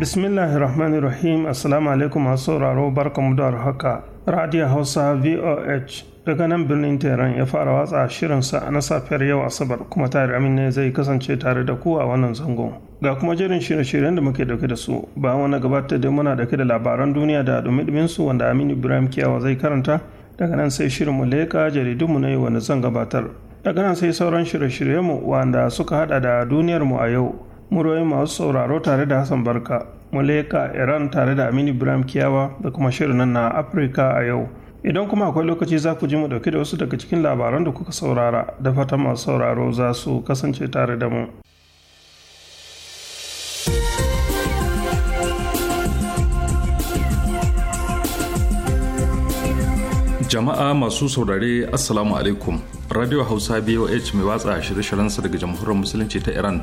bismillahi rahmani rahim assalamu alaikum masu sauraro barkamu da haka radio hausa voh daga nan birnin tehran ya fara watsa shirinsa na safiyar yau asabar kuma tare amin ne zai kasance tare da kuwa wannan zangon ga kuma jerin shirye-shiryen da muke dauke da su ba wani gabata da muna dauke da labaran duniya da dumi su wanda aminu ibrahim kiyawa zai karanta daga nan sai shirin mu leƙa jaridunmu na yau wanda zan gabatar daga nan sai sauran shirye-shiryenmu wanda suka hada da duniyarmu a yau muryoyin masu sauraro tare da hassan barka muleka iran tare da aminu ibrahim kiyawa da kuma shirin nan na afirka a yau idan kuma akwai lokaci za ku ji mu dauke da wasu daga cikin labaran da kuka saurara da fatan masu sauraro za su kasance tare da mu jama'a masu saurare assalamu alaikum radio hausa boh mai watsa shirye-shiryensa daga jamhuriyar musulunci ta iran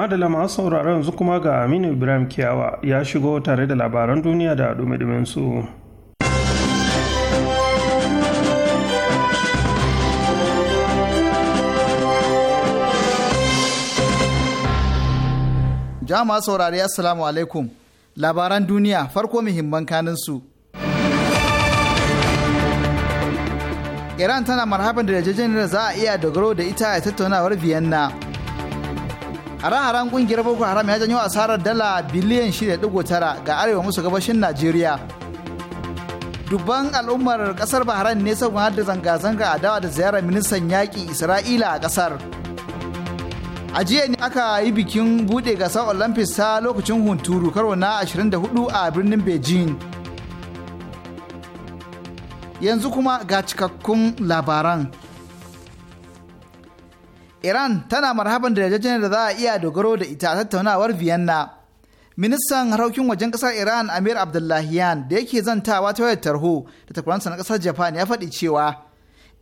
madala masu sauraron yanzu kuma ga aminu ibrahim kiyawa ya shigo tare da labaran duniya da dumi su. jama'a saurari assalamu alaikum labaran duniya farko muhimman kanin su iran tana marhaban da yarjejeniyar za a iya dogaro da ita a tattaunawar vienna haran haren ƙungiyar Boko Haram ya janyo asarar dala biliyan shida tara ga arewa musu gabashin Najeriya. Dubban al'ummar ƙasar Bahrain ne sun da zanga-zanga a dawa da ziyarar ministan yaƙi Isra'ila a ƙasar. A jiya ne aka yi bikin buɗe gasar Olympics ta lokacin hunturu karo na 24 a birnin Beijing. Yanzu kuma ga cikakkun labaran. iran tana marhaban da yarjejeniyar da za a iya dogaro da ita a tattaunawar vienna ministan harkokin wajen kasar iran amir abdullahiyan da yake zantawa ta wayar tarho da takwaransa na kasar japan ya faɗi cewa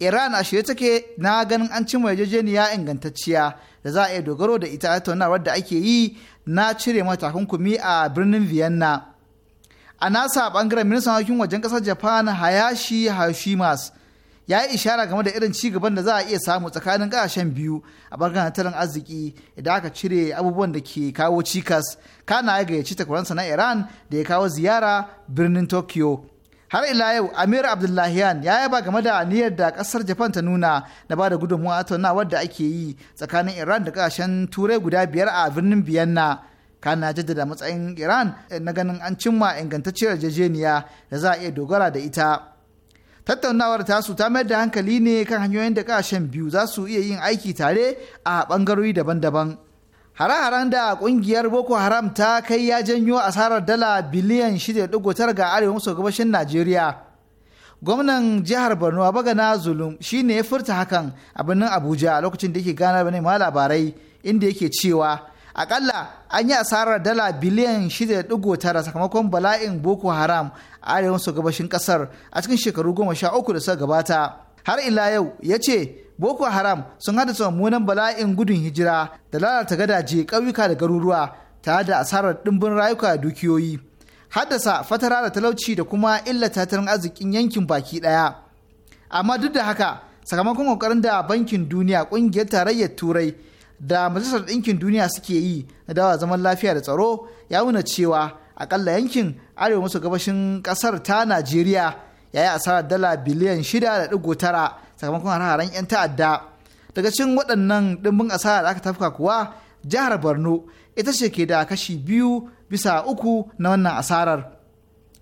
iran a shirye take na ganin an cimma yarjejeniya ingantacciya da za a iya dogaro da ita a tattaunawar da ake yi na cire mata takunkumi a birnin vienna a nasa bangaren ministan harkokin wajen kasar japan hayashi hashimas ya yi ishara game da irin cigaban da za a iya samu tsakanin kasashen biyu a bangaren tattalin arziki idan aka cire abubuwan da ke kawo cikas kana ya gayyaci takwaransa na iran da ya kawo ziyara birnin tokyo har ila yau amir abdullahian ya yaba game da niyyar da kasar japan ta nuna na ba da gudunmuwa a wadda da ake yi tsakanin iran da kasashen turai guda biyar a birnin biyanna kana jaddada matsayin iran na ganin an cimma ingantacciyar yarjejeniya da za a iya dogara da ita tattaunawar tasu ta mayar da hankali ne kan hanyoyin da kasashen biyu za su iya yin aiki tare a bangarori daban-daban hare-haren da kungiyar boko haram ta kai ya janyo asarar dala biliyan 6.9 ga arewa maso gabashin najeriya gwamnan jihar borno bagana zulum shine ya furta hakan a birnin abuja lokacin da yake ganar da ma labarai inda yake cewa akalla an yi asarar dala biliyan 6.9 sakamakon bala'in boko haram a arewa su gabashin kasar a cikin shekaru goma sha uku da suka gabata har ila yau ya ce boko haram sun haddasa mummunan bala'in gudun hijira da lalata gadaje ƙauyuka da garuruwa tare da asarar ɗimbin rayuka da dukiyoyi haddasa fatara da talauci da kuma illata tattalin arzikin yankin baki ɗaya amma duk da haka sakamakon kokarin da bankin duniya ƙungiyar tarayyar turai da majalisar ɗinkin duniya suke yi na dawa zaman lafiya da tsaro ya nuna cewa akalla yankin arewa maso gabashin ƙasar ta najeriya ya yi asarar dala biliyan shida da ɗigo tara sakamakon hare-haren 'yan ta'adda daga cikin waɗannan ɗimbin asara da aka tafka kuwa jihar borno ita ce ke da kashi biyu bisa uku na wannan asarar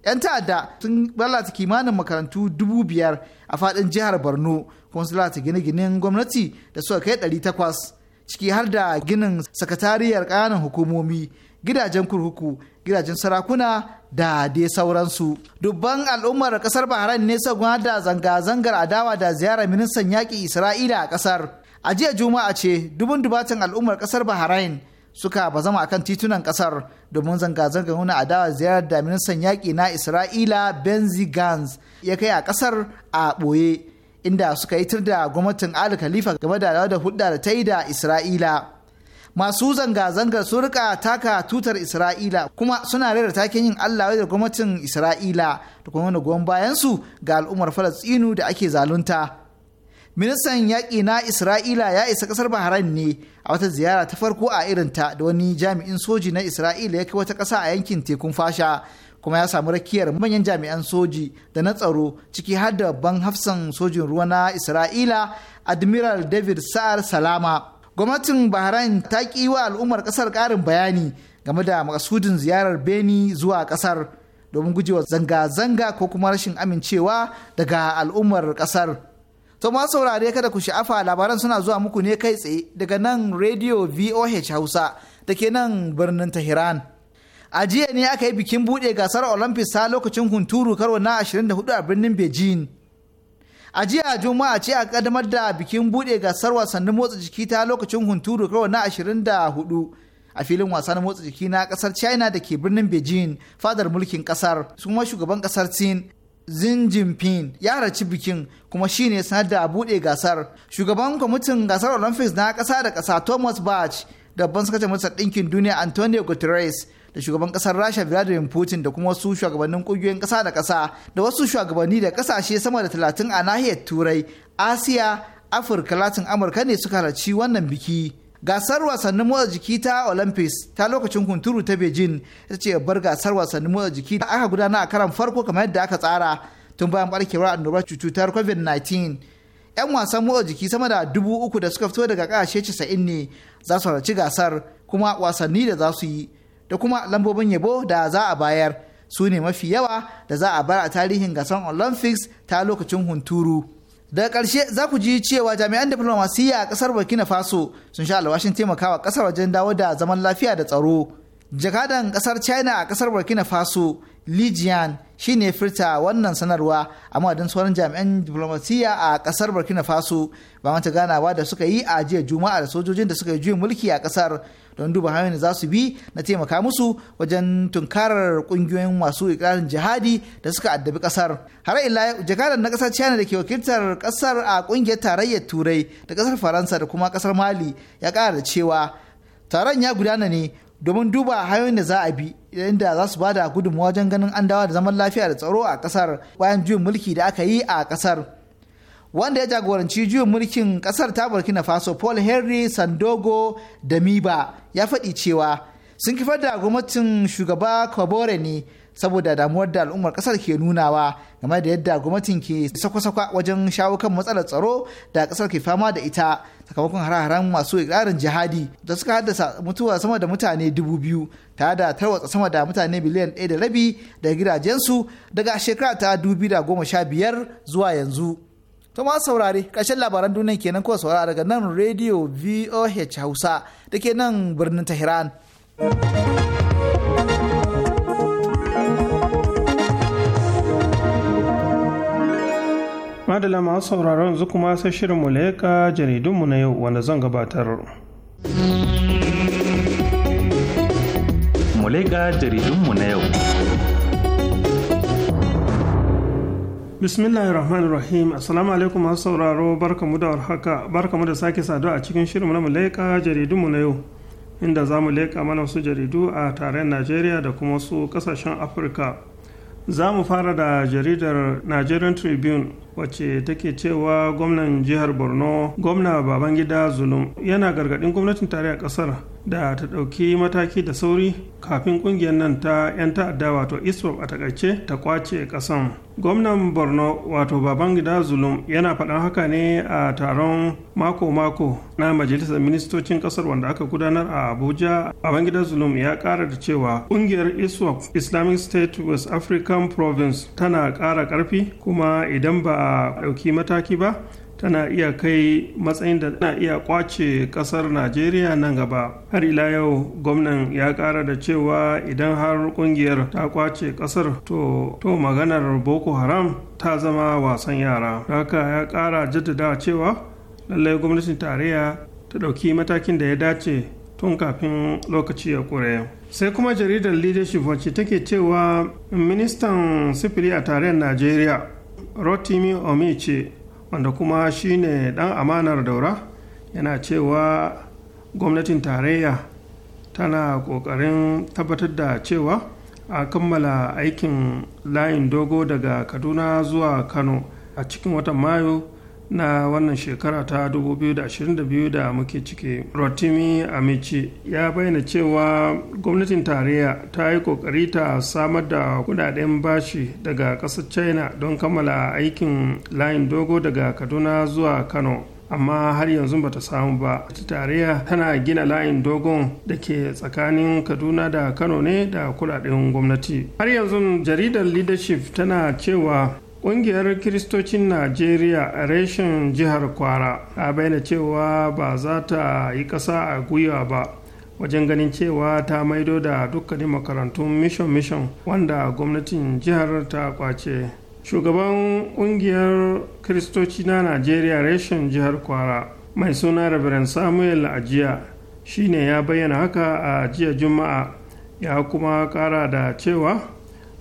'yan ta'adda sun lalata kimanin makarantu dubu biyar a faɗin jihar borno kuma su lalata gine-ginen gwamnati da suka kai ɗari takwas ciki har da ginin sakatariyar ƙananan hukumomi gidajen kurkuku gidajen sarakuna da dai sauransu dubban al'ummar kasar bahrain ne sagwa da zanga-zangar adawa da ziyarar ministan yaƙi isra'ila a kasar a jiya juma'a ce dubun dubatan al'ummar kasar bahrain suka bazama akan titunan kasar domin zanga-zangar nuna adawa ziyarar da ministan yaƙi na isra'ila benzi gans ya kai a kasar a ɓoye inda suka yi da gwamnatin Ali Khalifa game da da hudda da ta yi da Isra'ila. Masu zanga-zangar sun rika taka tutar Isra'ila kuma suna rera taken yin Allah da gwamnatin Isra'ila da kuma wani goyon bayansu ga al'ummar Falastinu da ake zalunta. Ministan yaƙi na Isra'ila ya isa ƙasar Bahrain ne a wata ziyara ta farko a irinta da wani jami'in soji na Isra'ila ya kai wata ƙasa a yankin tekun fasha. kuma ya samu rakiyar manyan jami'an soji da na tsaro ciki har da babban hafsan sojin ruwa na isra'ila admiral david sa'ar salama gwamnatin bahrain ta ƙi wa al'ummar ƙasar ƙarin bayani game da makasudin ziyarar beni zuwa ƙasar domin gujewa zanga-zanga ko kuma rashin amincewa daga al'ummar ƙasar to ma saurare kada ku sha'afa labaran suna zuwa muku ne kai tsaye daga nan radio voh hausa da ke nan birnin tehran a jiya ne aka yi bikin buɗe gasar olympics ta lokacin hunturu karo na 24 a birnin beijing a jiya juma'a ce a kaddamar da bikin buɗe gasar wasannin motsa jiki ta lokacin hunturu karo na 24 a filin wasa na motsa jiki na kasar china da ke birnin beijing fadar mulkin kasar kuma shugaban kasar sin Xi Jinping ya raci bikin kuma shine sanar da buɗe gasar. Shugaban kwamitin gasar Olympics na ƙasa da ƙasa Thomas Bach da ban sakataren Majalisar Ɗinkin Duniya Antonio Guterres da shugaban kasar rasha vladimir putin da kuma wasu shugabannin kungiyoyin kasa da kasa da wasu shugabanni da kasashe sama da talatin a nahiyar turai asiya afirka latin amurka ne suka halarci wannan biki gasar wasannin motsa jiki ta olympics ta lokacin hunturu ta beijing ita ce babbar gasar wasannin motsa jiki da aka gudana a karan farko kamar yadda aka tsara tun bayan barkewar annobar cutar covid-19 'yan wasan motsa jiki sama da dubu uku da suka fito daga kasashe 90 ne za su halarci gasar kuma wasanni da za su yi da kuma lambobin yabo da za a bayar su ne mafi yawa da za a bar a tarihin gasar olympics ta lokacin hunturu daga ƙarshe za ku ji cewa jami'an diflomasiyya a ƙasar burkina faso sun sha alwashin taimakawa ƙasar wajen dawo da zaman lafiya da tsaro jakadan ƙasar china a ƙasar burkina faso lijian shi ne firta wannan sanarwa a madadin sauran jami'an diflomasiyya a ƙasar burkina faso ba wata ganawa da suka yi a jiya juma'a da sojojin da suka yi juyin mulki a ƙasar don duba hanyoyin da za su bi na taimaka musu wajen tunkarar kungiyoyin masu ikirarin jihadi da suka addabi kasar har ila jakadan na kasar china da ke wakiltar kasar a kungiyar tarayyar turai da kasar faransa da kuma kasar mali ya kara da cewa taron ya gudana ne domin duba hanyoyin da za a bi inda za su bada gudunmawa wajen ganin an dawo da zaman lafiya da tsaro a kasar bayan juyin mulki da aka yi a kasar wanda ya jagoranci juyin mulkin kasar ta burkina faso paul henry sandogo da miba ya faɗi cewa sun kifar da gwamnatin shugaba kabore ne saboda damuwar da al'ummar kasar ke nunawa game da yadda gwamnatin ke sakwa-sakwa wajen shawo kan matsalar tsaro da kasar ke fama da ita sakamakon hare masu ikirarin jihadi da suka haddasa mutuwa sama da mutane dubu biyu tare da tarwatsa sama da mutane miliyan ɗaya da rabi da gidajensu daga shekara ta dubu da goma sha biyar zuwa yanzu. To ma saurare ƙarshen labaran duniya kenan ko saurara daga nan Radio VOH Hausa da ke nan birnin Tehran. Madala masu sauraron yanzu kuma sai shirin mu leƙa jaridunmu na yau wanda zan gabatar. Mu leƙa jaridunmu na yau. Bismillahirrahmanirrahim. Assalamu alaikum masu sauraro barkamu da warhaka. Barkamu da sake saduwa a cikin shirin na mu jaridu jaridunmu na yau. Inda za mu leƙa mana wasu jaridu a tarayyar Najeriya da kuma wasu kasashen Afirka. Za mu fara da jaridar Nigerian Tribune wacce take cewa gwamnan jihar Borno, gwamna Babangida Zulum yana gargaɗin gwamnatin tarayyar ƙasar da ta ɗauki mataki da sauri kafin ƙungiyar nan ta 'yan ta'adda wato ISWAP a takaice ta kwace ƙasan. gwamnan borno wato baban gida zulum yana faɗan haka ne a taron mako-mako na majalisar ministocin ƙasar wanda aka gudanar a abuja baban gida zulum ya ƙara da cewa ƙungiyar iswap islamic state west african province tana ƙara ƙarfi kuma idan ba a ɗauki mataki ba tana iya kai matsayin da tana iya kwace kasar najeriya nan gaba har ila yau gwamnan ya kara da cewa idan har kungiyar ta kwace kasar to, maganar boko haram ta zama wasan yara haka ya kara jaddada cewa lallai gwamnatin tarayya ta ɗauki matakin da ya dace tun kafin lokaci ya kure sai kuma jaridar leadership wacce take cewa ministan sifiri a tarayyar najeriya rotimi omi ce wanda kuma shine dan amanar daura yana cewa gwamnatin tarayya tana kokarin tabbatar da cewa a kammala aikin layin dogo daga kaduna zuwa kano a cikin watan mayu na wannan shekara ta 2022 da muke ciki rotimi amici ya bayyana cewa gwamnatin tarayya ta yi kokari ta samar da kudaden bashi daga ƙasar china don kammala aikin layin dogo daga kaduna zuwa kano amma har yanzu bata samu ba tarayya tana gina layin dogon da ke tsakanin kaduna da kano ne da kudaden gwamnati har yanzu jaridar leadership tana cewa Ƙungiyar Kiristocin Najeriya a reshen jihar Kwara ta bayyana cewa ba za ta yi ƙasa a gwiwa ba wajen ganin cewa ta maido da dukkanin makarantun mission mission wanda gwamnatin jihar ta kwace. Shugaban ƙungiyar Kiristoci na Najeriya reshen jihar Kwara mai suna Reverend Samuel Ajiya shine ya bayyana haka a jiya Juma'a ya kuma ƙara da cewa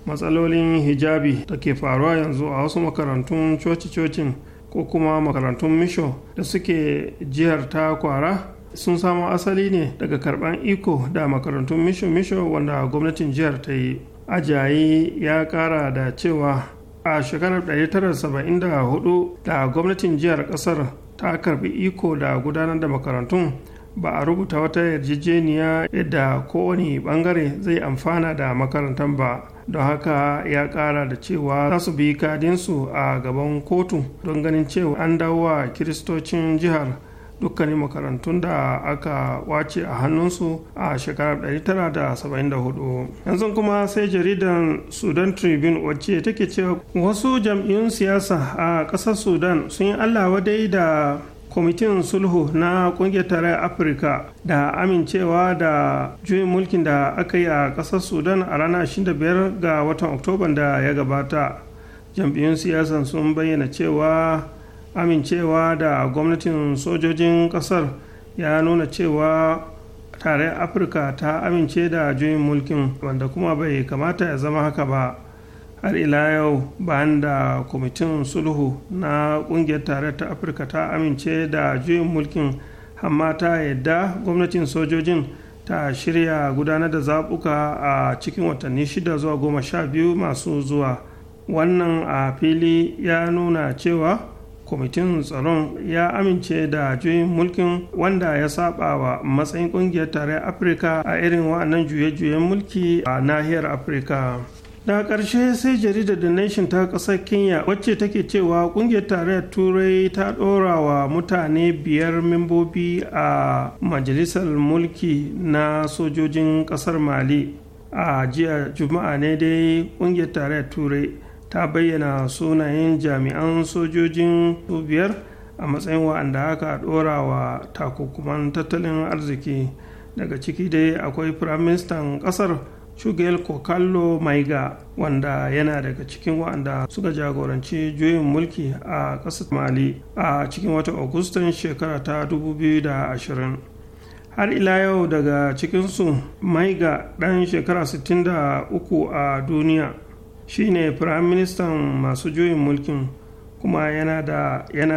matsalolin hijabi da ke faruwa yanzu a wasu makarantun coci-cocin ko kuma makarantun misho da suke jihar ta kwara sun samo asali ne daga karban iko da makarantun misho-misho wanda gwamnatin jihar ta yi ajayi ya kara da cewa a shekarar 1974 da gwamnatin jihar kasar ta karbi iko da gudanar da makarantun ba a rubuta wata yarjejeniya yadda kowane bangare zai amfana da makarantar ba don haka ya kara da cewa za su bi kadinsu a gaban kotu don ganin cewa an dawo wa kiristocin jihar dukkanin makarantun da aka wace a hannunsu a shekarar 1974 yanzu kuma sai jaridan sudan tribune wacce take cewa wasu jam'iyyun siyasa a ƙasar sudan sun yi allawa dai da kwamitin sulhu na kungiyar tarayyar afirka da amincewa da juyin mulkin da aka yi a ƙasar sudan a ranar 25 ga watan oktoban da ya gabata jam'iyyun siyasan sun bayyana cewa amincewa da gwamnatin sojojin ƙasar ya nuna cewa tarayyar afirka ta amince da juyin mulkin wanda kuma bai kamata ya zama haka ba har ila yau bayan da kwamitin sulhu na kungiyar tare ta afirka ta amince da juyin mulkin amma ta yadda gwamnatin sojojin ta shirya gudanar da zabuka a cikin watanni shida zuwa goma sha biyu masu zuwa wannan a fili ya nuna cewa kwamitin tsaron ya amince da juyin mulkin wanda ya saba wa matsayin kungiyar tare afirka a irin wa'annan juye-juyen mulki a nahiyar afirka da ƙarshe sai jaridar the nation ta ƙasar kenya wacce take cewa ƙungiyar tarayyar turai ta ɗora wa mutane biyar membobi a majalisar mulki na sojojin ƙasar mali a jiya juma'a ne dai ƙungiyar tarayyar turai ta bayyana sunayen jami'an sojojin biyar a matsayin wa'anda aka ɗora wa takunkuman tattalin arziki daga ciki dai akwai firaministan ƙasar shugel kokallo maiga wanda yana daga cikin waɗanda suka jagoranci juyin mulki a ƙasar mali a cikin wata agustan shekara ta 2020 har ila yau daga cikinsu maiga ɗan shekara 63 a duniya shine firaministan masu juyin mulkin kuma yana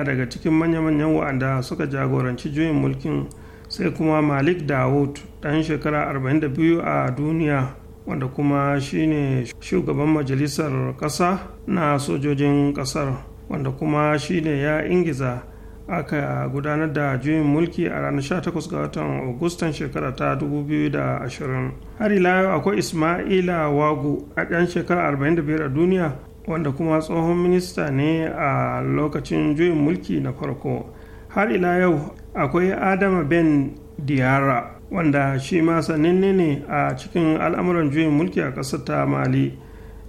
daga cikin manya-manyan waɗanda suka jagoranci juyin mulkin sai kuma malik dawood ɗan shekara 42 a duniya wanda kuma shine shugaban majalisar ƙasa na sojojin ƙasar wanda kuma shine ya ingiza aka gudanar da juyin mulki a ranar 18 ga watan agustan shekara ta 2020 har ila akwai ismaila wagu a ɗan shekara 45 a duniya wanda kuma tsohon minista ne a lokacin juyin mulki na farko har ila yau akwai adama ben Diyara. wanda shi ma sananne ne a cikin al'amuran juyin mulki a ƙasar ta mali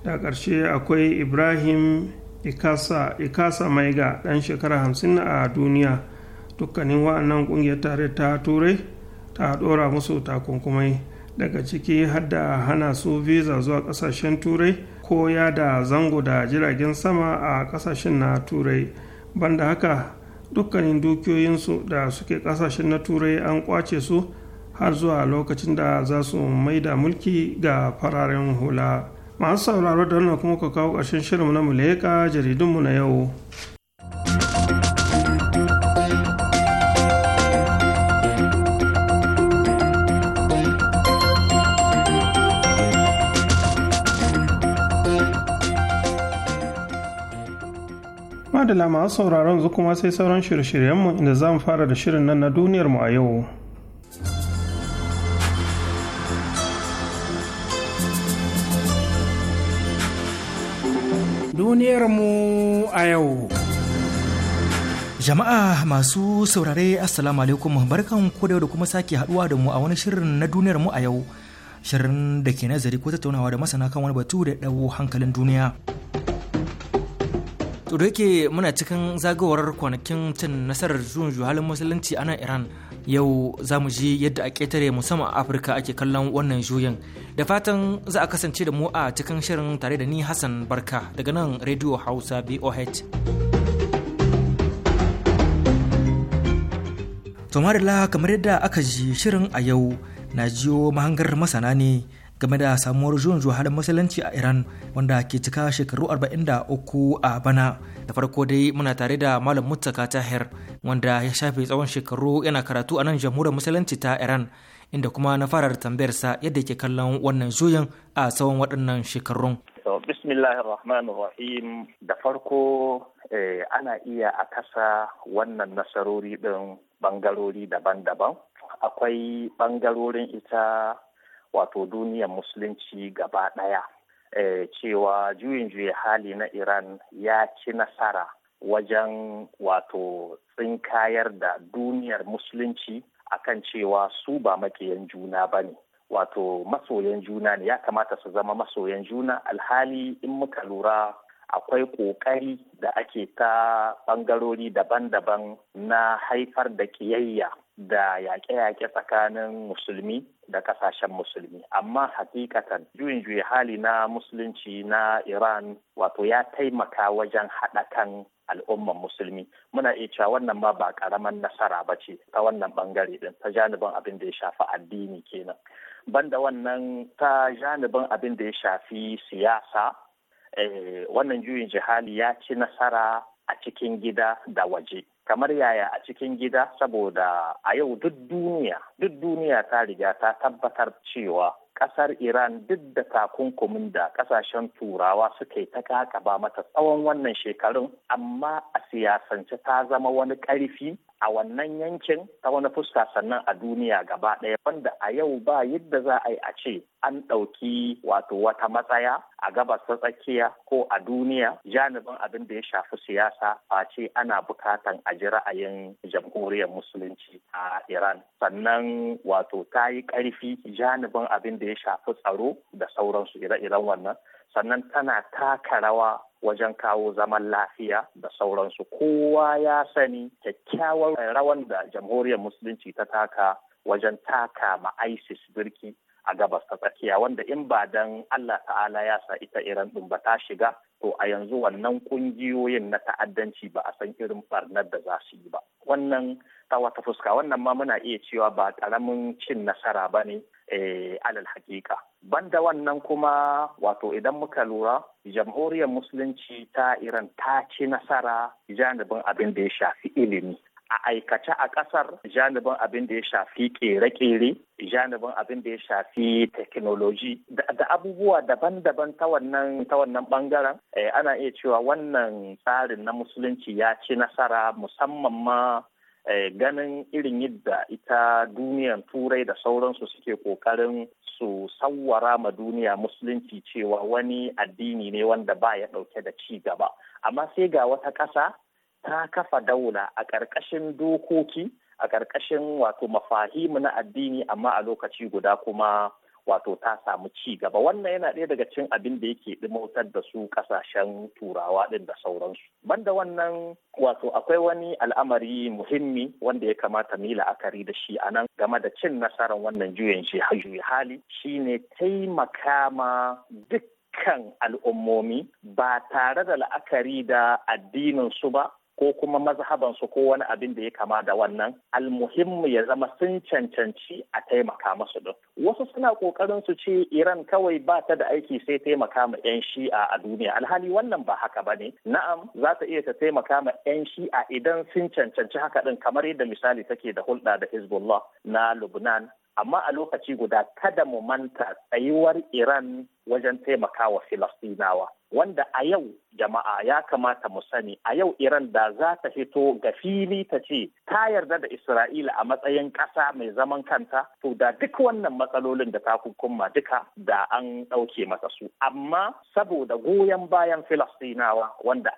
da ƙarshe akwai ibrahim ikasa, ikasa maiga ɗan shekara hamsin a duniya dukkanin wa'annan ƙungiyar tare ta turai ta ɗora musu takunkumai daga ciki hadda hana su visa zuwa ƙasashen turai ko ya da zango da jiragen sama a ƙasashen na turai banda haka dukkanin dukiyoyinsu da suke ƙasashen na turai an ƙwace su har zuwa lokacin da za su maida mulki ga fararen hula masu sauraro da wannan kuma ka kawo ƙarshen shirinmu na muleka jaridunmu na yau madala masu sauraron zu kuma sai sauran shirye-shiryenmu inda za mu fara da shirin nan na duniyarmu a yau duniyarmu a yau. Jama'a masu saurare Assalamu alaikum barkan ku da kuma sake haduwa da mu a wani shirin na duniyarmu a yau. Shirin da ke nazari ko tattaunawa da masana kan wani batu da dawo hankalin duniya. To da yake muna cikin zagawar kwanakin cin nasarar juyin halin musulunci a nan Iran yau za mu ji yadda a ƙetare musamman a afirka ake kallon wannan juyin da fatan za a kasance da mu a cikin shirin tare da ni hassan barka daga nan radio hausa boh tomarila kamar yadda aka ji shirin a yau na jiyo mahangar masana ne game da samuwar juyin juhalin musulunci a iran wanda ke cika shekaru 43 a bana da farko dai muna tare da malam muttaka tahir wanda ya shafe tsawon shekaru yana karatu a nan jamhuriyar musulunci ta iran inda kuma na fara tambayar sa yadda ke kallon wannan juyin a tsawon waɗannan shekarun bismillahir rahim da farko eh, ana iya a kasa wannan nasarori ɗin bangarori daban-daban akwai bangarorin ita wato duniyar musulunci gaba ɗaya Eh, cewa juyin juya hali na iran ya ci nasara wajen wato tsinkayar da duniyar musulunci akan cewa su ba maƙiyan juna ba ne wato masoyan juna ne ya kamata su zama masoyan juna alhali in muka lura akwai ƙoƙari da ake ta ɓangarori daban-daban na haifar da ƙiyayya da yaƙe-yaƙe tsakanin musulmi da ƙasashen musulmi amma hakikatan juyin juya hali na musulunci na iran wato ya taimaka wajen haɗa kan al'umman musulmi muna iya cewa wannan ma ba ƙaramin nasara ba ce ta wannan ɓangare ɗin ta janibin abin da ya shafi addini kenan banda wannan ta janibin abin da ya shafi siyasa eh, wannan juyin jihali ya ci nasara a cikin gida da waje kamar yaya a cikin gida saboda a yau duk duniya duk duniya ta riga ta tabbatar cewa kasar Iran duk da takunkumin da kasashen turawa suka yi ta kakaba mata tsawon wannan shekarun amma a siyasance ta zama wani karfi a wannan yankin ta wani fuska sannan a duniya gaba ɗaya wanda a yau ba yadda za a yi a ce an ɗauki wato wata matsaya a gabas ta tsakiya ko a duniya janibin abin da ya shafi siyasa a ce ana bukatan a ji ra'ayin jamhuriyar musulunci a iran sannan wato ta yi ƙarfi janibin abin da ya shafi tsaro da sauransu ire-iren wannan sannan tana taka rawa wajen kawo zaman lafiya da sauransu kowa ya sani kyakkyawar rawan da jamhuriyar musulunci ta taka wajen taka ma isis birki a gabas ta tsakiya wanda in ba dan allah ta'ala ya sa ita irin ɗin ba ta shiga to a yanzu wannan kungiyoyin na ta'addanci ba a san irin barnar da za su yi ba wannan ta wata fuska wannan ma muna iya cewa ba ƙaramin cin nasara ba ne eh, alal hakika banda wannan kuma wato idan muka lura jamhuriyar musulunci ta iran ta ci nasara janibin abin da ya shafi ilimi a aikace a ƙasar janibin abin da ya shafi ƙere-ƙere janibin abin da ya shafi teknoloji da abubuwa daban-daban ta wannan ta wannan bangaren eh, ana iya cewa wannan tsarin na musulunci ya ci nasara musamman ma eh, ganin irin yadda ita duniyan turai da sauransu suke ƙoƙarin su sawwara ma duniya musulunci cewa wani addini ne wanda ba ya ɗauke da ci gaba amma sai ga wata ƙasa ta kafa daula a ƙarƙashin dokoki a ƙarƙashin wato mafahimu na addini amma a lokaci guda kuma wato ta samu ci gaba wannan yana ɗaya daga cin abin da yake ɗimautar da su ƙasashen turawa ɗin da sauransu banda wannan wato akwai wani al'amari muhimmi wanda ya kamata mu yi la'akari da shi anan game da cin nasarar wannan juyin shi hali shine taimaka ma duk al'ummomi ba tare da la'akari da addinin su ba ko kuma mazhabansu ko wani abin da ya kama da wannan almuhimmu ya zama sun cancanci a taimaka masu din wasu suna kokarin su ce iran kawai ba ta da aiki sai taimaka ma yan shi'a a duniya alhali wannan ba haka bane na'am za ta iya ta taimaka ma yan shi'a idan sun cancanci haka din kamar yadda misali take da hulɗa da hezbollah na lubnan amma a lokaci guda kada mu manta tsayuwar Iran wajen taimakawa Filistinawa. Wanda a yau jama'a ya kamata mu sani a yau Iran da za ta fito ga fili ta ce ta yarda da Isra'ila a matsayin ƙasa mai zaman kanta to da duk wannan matsalolin da ta hukumma duka da an ɗauke mata su. Amma saboda goyon bayan Filistinawa wanda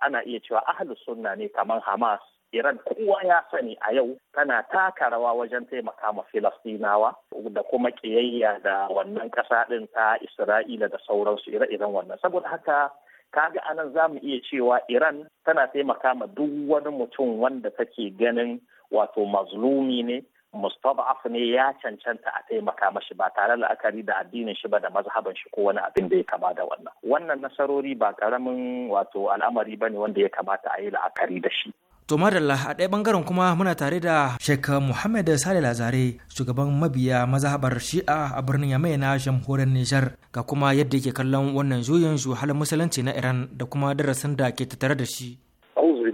ana iya cewa ahlus sunna ne kamar Hamas Iran kowa ya sani a yau tana taka rawa wajen taimaka ma Filastinawa da kuma kiyayya da wannan ƙasa ɗin ta Isra'ila da sauransu ire-iren wannan. Saboda haka kaga anan za mu iya cewa Iran tana taimaka ma duk wani mutum wanda take ganin wato mazlumi ne Mustapha Af ne ya cancanta a taimaka mashi ba tare la'akari da addinin shi ba da mazhaban shi ko wani abin da ya kama da wannan wannan nasarori ba karamin wato al'amari bane wanda ya kamata a yi la'akari da shi To madalla a ɗaya ɓangaren kuma muna tare da Sheikh Muhammad Sale Lazare shugaban mabiya mazhabar Shi'a a birnin Yamai na jamhuriyar Nijar ga kuma yadda yake kallon wannan juyin halin musulunci na Iran da kuma darasin da ke tattare da shi. Auzu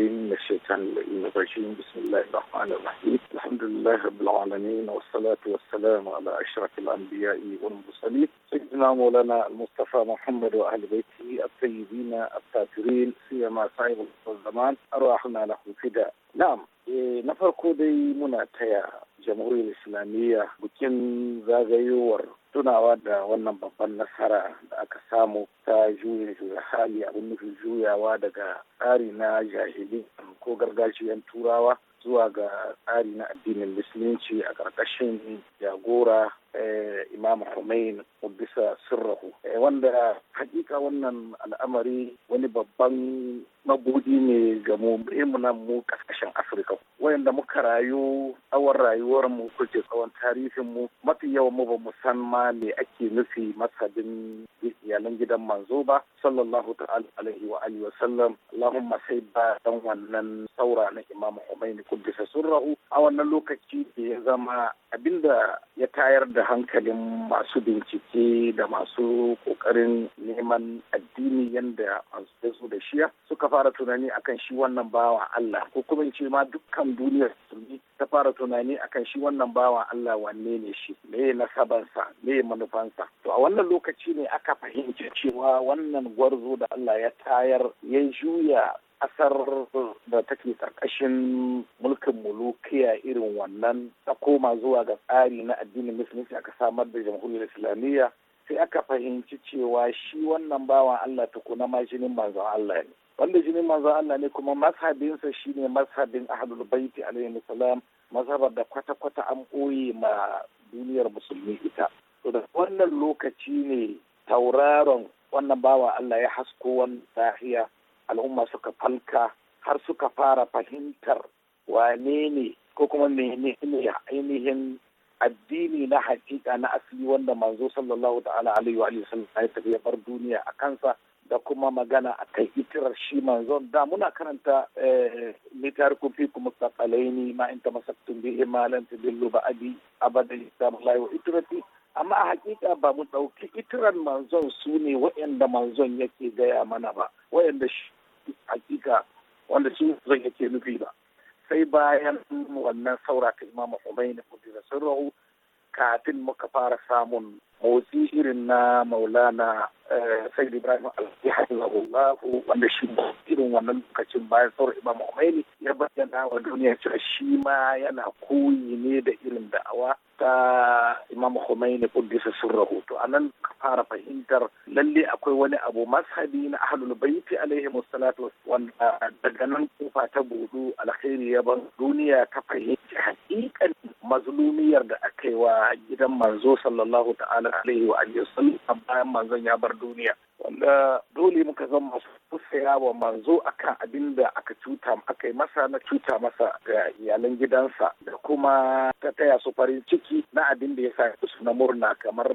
العليم من الشيطان الرجيم بسم الله الرحمن الرحيم الحمد لله رب العالمين والصلاة والسلام على أشرف الأنبياء والمرسلين سيدنا مولانا المصطفى محمد وأهل بيته الطيبين الطاهرين سيما صاحب الزمان أرواحنا له فداء نعم إيه، نفرق دي dai muna taya jamhuriyar islamiyya bikin tunawa da wannan babban nasara da aka samu ta juya juya hali abin nufi juyawa daga tsari na jahili ko gargajiyan turawa zuwa ga tsari na addinin musulunci a ƙarƙashin jagora Eh, imam Khomein bisa sirrahu eh, wanda hakika wannan al'amari wani babban mabudi ne ga mu eh, nan mu kasashen Afirka wayanda muka rayu awar rayuwar mu kuke tsawon tarihin mu mafi yawan mu ba mu san ma me ake nufi masabin iyalan gidan manzo ba sallallahu ta'ala alaihi wa alihi wa sallam Allahumma sai ba dan wannan saura na Imam Khomein kuddisa sirrahu a wannan lokaci da ya zama abinda ya tayar da da hankalin masu bincike da masu kokarin neman addini yadda masu su da shiya suka fara tunani akan shi wannan bawa Allah ko kuma ce ma dukkan duniyar musulmi ta fara tunani akan shi wannan bawa Allah wanne ne shi me nasabansa me manufansa to a wannan lokaci ne aka fahimci cewa wannan gwarzo da Allah ya tayar ya juya Kasar da take ƙarƙashin mulkin mulukiya irin wannan ta koma zuwa ga tsari na addinin musulunci aka samar da jamhuriyar islamiyya sai aka fahimci cewa shi wannan bawan Allah tukuna ma jinin manzon Allah ne wanda jinin manzon Allah ne kuma mazhabinsa shine mazhabin ahlul baiti alaihi salam mazhabar da kwata-kwata an ɓoye ma duniyar musulmi ita to da wannan lokaci ne tauraron wannan bawa Allah ya hasko wannan sahiya al'umma suka falka har suka fara fahimtar wane ne ko kuma mene ne ainihin addini na hakika na asali wanda manzo sallallahu ta'ala alaihi wa sallam ya tafi bar duniya a kansa da kuma magana a kai itirar shi manzon da muna karanta mitar eh, kufi kuma tsakalaini ma in ta masaktun bi imalan ta dillu ba abi abada islamullahi wa itirati amma a hakika ba mu ɗauki itiran manzon su ne waɗanda manzon yake gaya mana ba waɗanda shi hakika wanda shi zan yake nufi ba sai bayan wannan saura ta imama Khomeini kudin sirrahu kafin muka fara samun motsi irin na maulana eh, sayyid ibrahim al-hafizahullah wanda shi irin wannan lokacin bayan sauran imam khomeini ya bayyana wa duniya cewa shi ma yana koyi ne da irin da'awa ta imam khomeini kuddisa sun rahoto a nan ka fara fahimtar lalle akwai wani abu mashabi na ahlul baiti alaihi musallatu wanda daga nan kofa ta budu alkhairi ya ban duniya ta fahimta hakikan mazlumiyar da aka yi wa gidan manzo sallallahu ta'ala alaihi wa alihi bayan manzon ya bar duniya wanda dole muka zama masu kusaya wa manzo akan abin da aka cuta aka yi masa na cuta masa ga iyalan gidansa da kuma ta taya su farin ciki na abin da ya sa su na murna kamar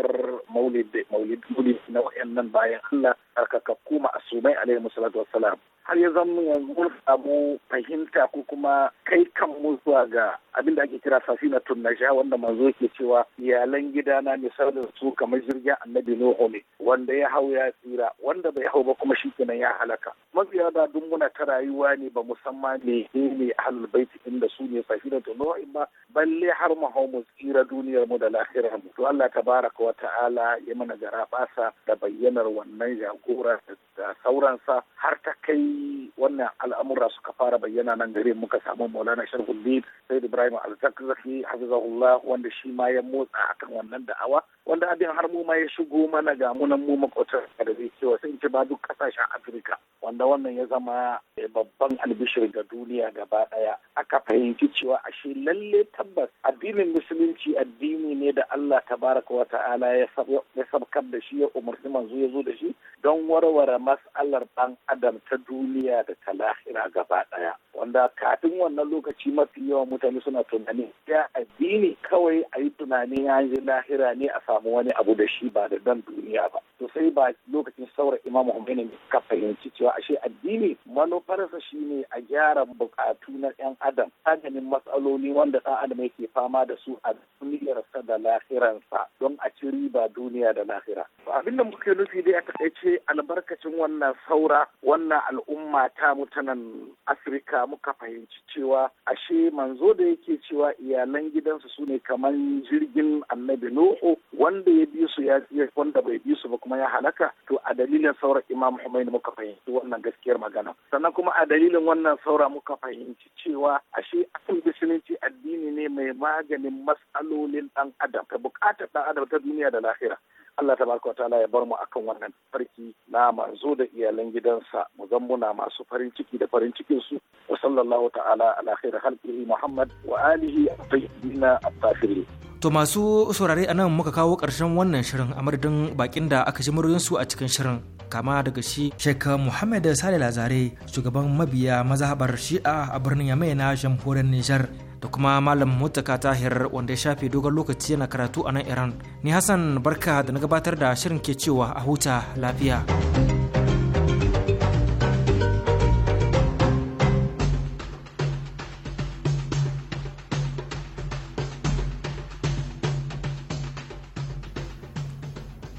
maulid maulid na wayannan bayan Allah tsarkakakku ma'asumai alaihi musallatu wassalam har ya zama yanzu mun samu fahimta ko kuma kai kan mu zuwa ga abinda ake kira safina tunnasha wanda manzo ke cewa iyalan gidana misalin su kamar jirgin annabi nuhu ne wanda ya hau ya tsira wanda bai hau ba kuma shi shikenan ya halaka mafiya da duk muna ta rayuwa ne ba musamman ne ne ahlul bait inda su ne safina tunnasha ba balle har mu hau mu tsira duniyar mu da lafiyar mu to Allah tabaraka wa ta'ala ya mana gara basa da bayyanar wannan jagora da sauransa har ta kai wannan al'amura suka fara bayyana nan gare muka samu Maulana Sharhuddin sai da Ibrahim Al-Zakzaki hafizahullah wanda shi ma ya motsa akan wannan da'awa wanda abin har mu ma ya shigo mana ga munan mu makwatar da zai wasu sai ce ba duk kasashen Afirka wanda wannan ya zama eh, babban albishir ga duniya gaba daya aka fahimci cewa ashe lalle tabbas addinin musulunci addini ne da Allah tabaraka wa ta'ala ya sabkar da shi ya umarci manzo ya zo da shi don warware mas'alar dan adam ta duniya da ta lahira gaba daya wanda kafin wannan lokaci mafi yawan mutane suna suna tunani ya addini kawai a yi tunanin ya yi lahira ne a samu wani abu da shi ba da dan duniya ba to sai ba lokacin saura imamu Khomeini ka fahimci cewa ashe addini manufarsa ne a gyara bukatu na yan adam tsananin matsaloli wanda dan adam yake fama da su a duniyarsa da lahiransa don a ci riba duniya da lahira abinda muke nufi dai a ce albarkacin wannan saura wannan al'umma ta mutanen afirka muka fahimci cewa ashe manzo da yake ake cewa iyalan gidansa su ne kamar jirgin annabi nuhu wanda ya bi su ya tsira wanda bai bi su ba kuma ya halaka to a dalilin saura imam humaini muka fahimci wannan gaskiyar magana sannan kuma a dalilin wannan saura muka fahimci cewa ashe asin musulunci addini ne mai maganin matsalolin dan adam ta bukatar dan adam ta duniya da lahira Allah tabaraka ta'ala ya bar mu akan wannan farki na manzo da iyalan gidansa mu zan muna masu farin ciki da farin cikin su wa sallallahu ta'ala ala khairu khalqihi Muhammad wa alihi tayyibina at-tahirin to masu saurare anan muka kawo karshen wannan shirin a madadin bakin da aka ji muryoyin su a cikin shirin kama daga shi Sheikh Muhammad Sale Lazare shugaban mabiya mazhabar Shi'a a birnin Yamai na jamhuriyar Nijar da kuma malam mutaka tahir wanda ya shafe dogon lokaci yana karatu a nan iran ni hassan barka da na gabatar da shirin ke cewa a huta lafiya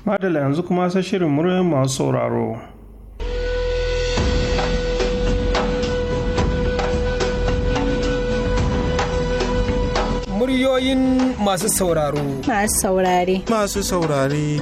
madala yanzu kuma sai shirin mura masu sauraro Muryoyin masu sauraro. Masu saurare. Masu saurare.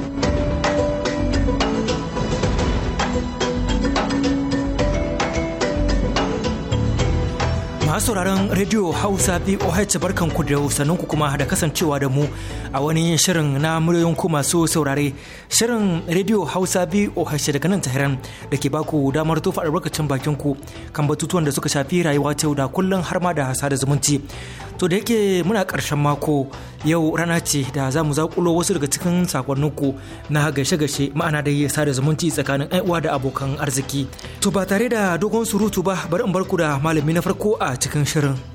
masu sauraron rediyo hausa barkan ku da ku kuma da kasancewa da mu a wani shirin na muryoyin ku masu saurare shirin rediyo hausa voh daga nan tahiran da ke baku damar tofa albarkacin bakin ku kan batutuwan da suka shafi rayuwa ta da kullum har ma da hasa da zumunci To da yake muna ƙarshen mako yau rana ce da za mu zaƙulo wasu daga cikin sakonninku na gaishe-gaishe ma'ana da yi sada zumunci tsakanin uwa da abokan arziki. To ba tare da dogon surutu ba bari in bar ku da malami na farko a cikin shirin.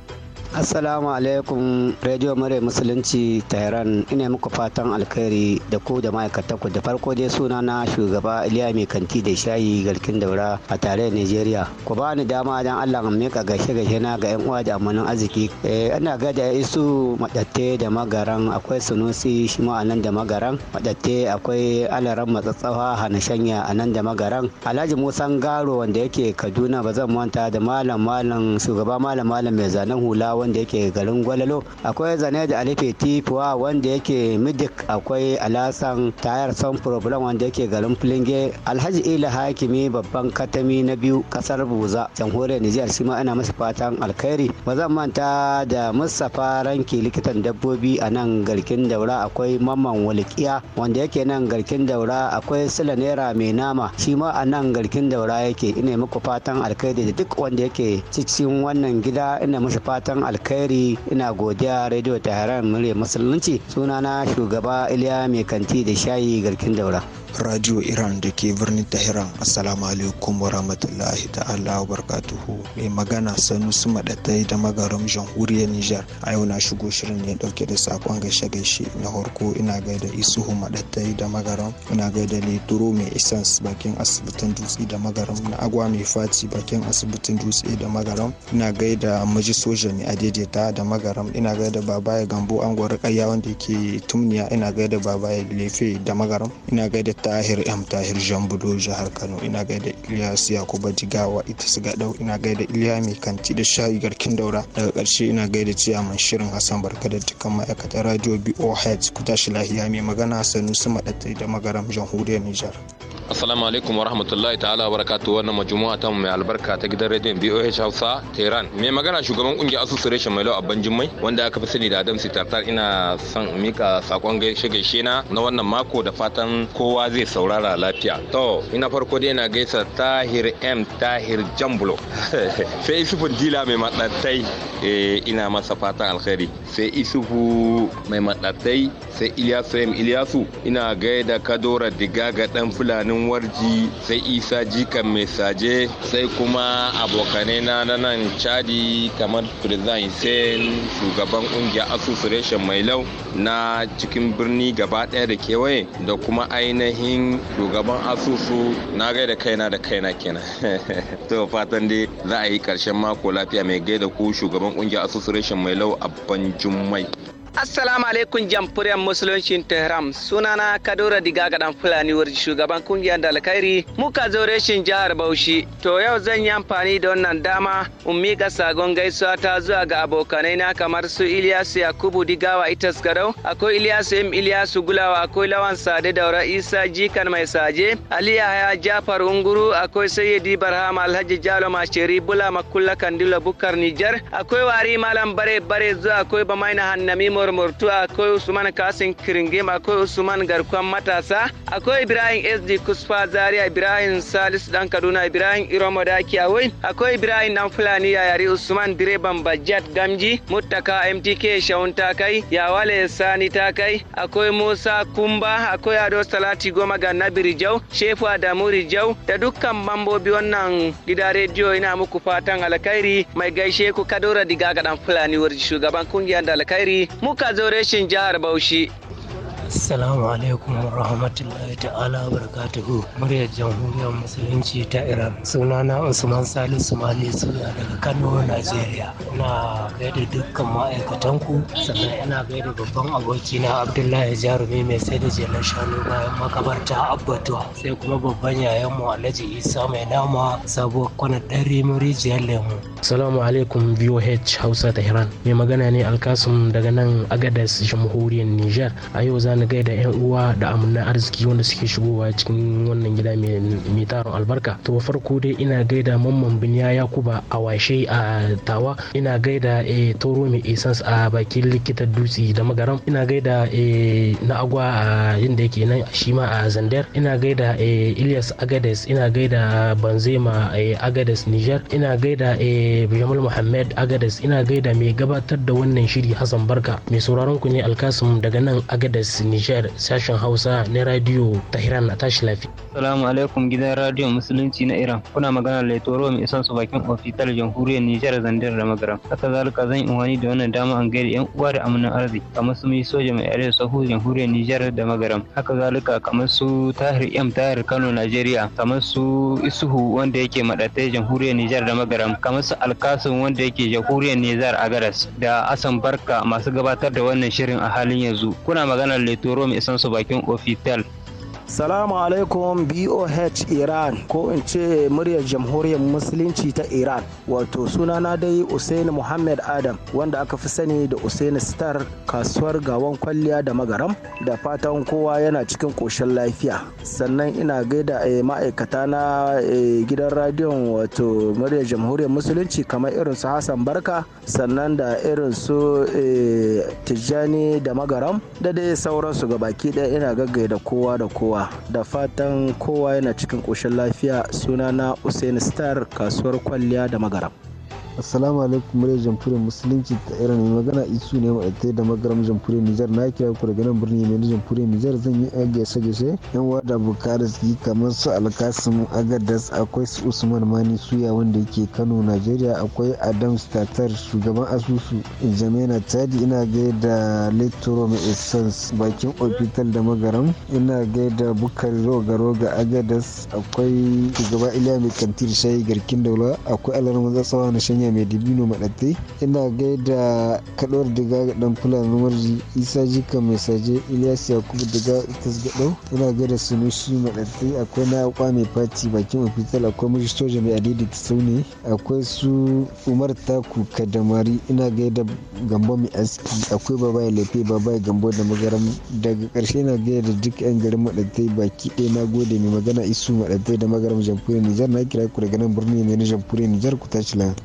Assalamu alaikum Radio Mare Musulunci Tehran ina muku fatan alkhairi da ku da ma'aikatanku da farko dai suna na shugaba Iliya Mai Kanti da Shayi Galkin Daura a tare da Najeriya. Ku ba ni dama dan Allah in mika gaishe gaishe na ga yan uwa da amanan arziki. Eh ina ga da isu madatte da magaran akwai Sunusi shi ma anan da magaran madatte akwai Alaran Matsatsawa shanya anan da magaran Alhaji Musa Garo wanda yake Kaduna ba zan manta da malam malam shugaba malam malam mai zanen hula wanda yake garin gwalalo akwai zane da alife tifuwa wanda yake midik akwai alasan tayar son problem wanda yake garin filinge alhaji ila hakimi babban katami na biyu kasar buza jamhuriyar nijar sima ana masa fatan alkhairi ba zan manta da mustapha ranki likitan dabbobi a nan garkin daura akwai mamman walikiya wanda yake nan garkin daura akwai sila naira mai nama shi ma a nan garkin daura yake ina muku fatan alkhairi da duk wanda yake cikin wannan gida ina masa fatan alkhairi ina godiya radio taharan murya musulunci sunana shugaba iliya mai kanti da shayi garkin daura radio iran da ke birnin tehran assalamu alaikum wa rahmatullahi ta'ala wa barakatuhu mai magana sanusi madatai da magarin jamhuriyar nijar a yau na shigo shirin ne dauke da sakon gaishe gaishe na farko ina gaida isuhu madatai da magarin ina gaida leturo mai isans bakin asibitin dutse da magarin na agwa mai faci bakin asibitin dutse da magarin ina gaida maji soja mai adaidaita da magarin ina gaida babaya gambo an gwari da wanda ke tumniya ina gaida babaya lefe da magarin ina gaida tahir m tahir jambudo jihar kano ina gaida ilyas yakuba jigawa ita su dau ina gaida iliya mai kanti da shayi garkin daura daga karshe ina gaida man shirin hassan barka da dukkan ma'aikatan radio heads ku tashi lahiya mai magana sanusi maɗatai da magaram jamhuriyar nijar. Assalamu alaikum wa rahmatullahi ta'ala wa barakatuh wannan majmu'a ta mai albarka ta gidan rediyon BOH Hausa Tehran. Mai magana shugaban kungiyar Association Mai Lawa Ban Jummai wanda aka fi sani da Adam Sitartar ina son mika sakon gaishe gaishe na na wannan mako da fatan kowa zai saurara lafiya. To ina farko dai ina gaisa Tahir M Tahir Jambulo. sai Isufu Dila mai madattai eh, ina masa fatan alkhairi. Sai Isufu mai madattai sai Ilyasu Ilyasu ina gaida Kadora Digaga dan Fulani warji sai isa jikan mai saje sai kuma abokane na nan chadi kamar Firizan hussein shugaban kungiyar association mai lau na cikin birni gaba ɗaya da kewaye da kuma ainihin shugaban asusu na gaida kaina da kaina kenan to fatan dai za a yi karshen mako lafiya mai gaida ku shugaban kungiyar association mai lau a ban jummai Assalamu alaikum jamhuriyar musuluncin Tehran sunana Kadura Diga ga dan Fulani wurin shugaban kungiyar Dalkairi muka zo shin jihar Bauchi to yau zan yi amfani da wannan dama in miƙa sagon gaisuwa ta zuwa ga abokanai na kamar su Ilyasu Yakubu Digawa Itas Garau akwai Ilyasu M Ilyasu Gulawa akwai Lawan Sade Daura Isa Jikan Mai Saje Ali Yahaya Jafar Unguru akwai Sayyidi Barham Alhaji Jalo Masheri Bula Makulla Kandila Bukar Nijar akwai Wari Malam Bare Bare zuwa akwai Bamaina Hannami umar akwai usman kasin kiringim akwai usman garkon matasa akwai ibrahim sd kusfa zaria ibrahim salisu dan kaduna ibrahim iromo daki awai akwai ibrahim dan fulani yayari usman direban bajat gamji muttaka mtk shaun takai yawale sani takai akwai musa kumba akwai ado salati goma ga nabi rijau shefu adamu rijau da dukkan mambobi wannan gida rediyo ina muku fatan alkhairi mai gaishe ku kadora diga ga dan fulani warji shugaban kungiyar da alkhairi muka zo reshin jihar Bauchi. Assalamu alaikum wa rahmatullahi ta'ala wa barakatuhu. Muryar Jamhuriyar Musulunci ta Iran. Sunana Usman Salisu Mali Suya daga Kano, Najeriya. Ina gaida dukkan ma'aikatanku sannan ina gaida babban abokina Abdullahi Jarumi mai sai da jelar shanu bayan makabarta Abbatuwa. Sai kuma babban yayan mu Alhaji Isa mai nama sabuwar kwana ɗan rimin rijiyar lemu. Assalamu alaikum VOH Hausa Iran. Mai magana ne Alkasum daga nan Agadas Jamhuriyar Nijar. A yau zan na gaida yan uwa da amina arziki wanda suke shigowa cikin wannan gida mai taron albarka to farko dai ina gaida mamman biniya yakuba a washe a tawa ina gaida da eh, toro mai essence a bakin likitan dutse da magaram ina gaida da eh, na agwa a inda yake nan shi ma a zander ina gaida da eh, ilyas agades ina gaida banzema agades niger ina gaida da jamal muhammad agades ina gaida mai gabatar da wannan shiri hassan barka mai sauraron ku ne alkasim daga nan agades Nijar sashen Hausa na radio Tahiran a tashi lafiya. Salamu alaikum gidan radio musulunci na Iran kuna magana Toro mai isan su bakin ofital jamhuriyar Nijar zandar da magaram. Haka zalika zan yi wani da wannan dama an gaida yan uwa da amunan arziki kamar su mai soja mai yare sahu jamhuriyar Nijar da magaram. Haka zalika kamar su Tahir M Tahir Kano Najeriya kamar su Isuhu wanda yake madatai jamhuriyar Nijar da magaram kamar su Alkasun wanda yake jamhuriyar Nijar a Garas da Asan Barka masu gabatar da wannan shirin a halin yanzu. Kuna magana da turo mai su bakin ofitel Salamu alaikum BOH Iran ko in ce muryar jamhuriyar musulunci ta Iran wato sunana dai Usaini Muhammad Adam wanda aka fi sani da Usaini Star kasuwar gawan kwalliya da magaram da fatan kowa yana cikin koshin lafiya sannan ina gaida a eh, ma'aikata na eh, gidan radiyon wato muryar jamhuriyar musulunci kamar irin su Hassan Barka sannan da irin su eh, Tijjani da magaram da dai sauransu baki ɗaya ina gaggaida kowa da kowa Da fatan kowa yana cikin ƙoshin lafiya sunana Usain Star kasuwar kwalliya da magaram. assalamu alaikum muryar jamhuriyar musulunci ta mai magana isu ne ma'aikatai da magaram jamhuriyar nijar na kira ku daga nan birni mai jamhuriyar nijar zan yi a gaishe gaishe yan wada bukari su kamar su alkasim agadas akwai su usman mani suya wanda yake kano najeriya akwai adam statar shugaban asusu jamina tadi ina gaida lecturer mai essence bakin ofital da magaram ina gaida bukar roga roga agadas akwai shugaba iliya mai kantir shayi garkin daula akwai alarmu na shanya ne mai dibino maɗattai ina gaida kaɗuwar diga ga ɗan fulani warji isa jika mai saje ilyas yakubu diga itas gaɗau ina gaida sunushi maɗattai akwai na akwa mai fati bakin ofital akwai mushi soja mai adidi ta saune akwai su umar taku kadamari ina gaida gambo mai aski akwai baba ya lafe baba ya gambo da magaram daga ƙarshe ina gaida duk 'yan garin maɗattai baki ɗaya na gode mai magana isu maɗattai da magaram jamfure nijar na kira ku daga nan birni ne na jamfure nijar ku tashi lahar.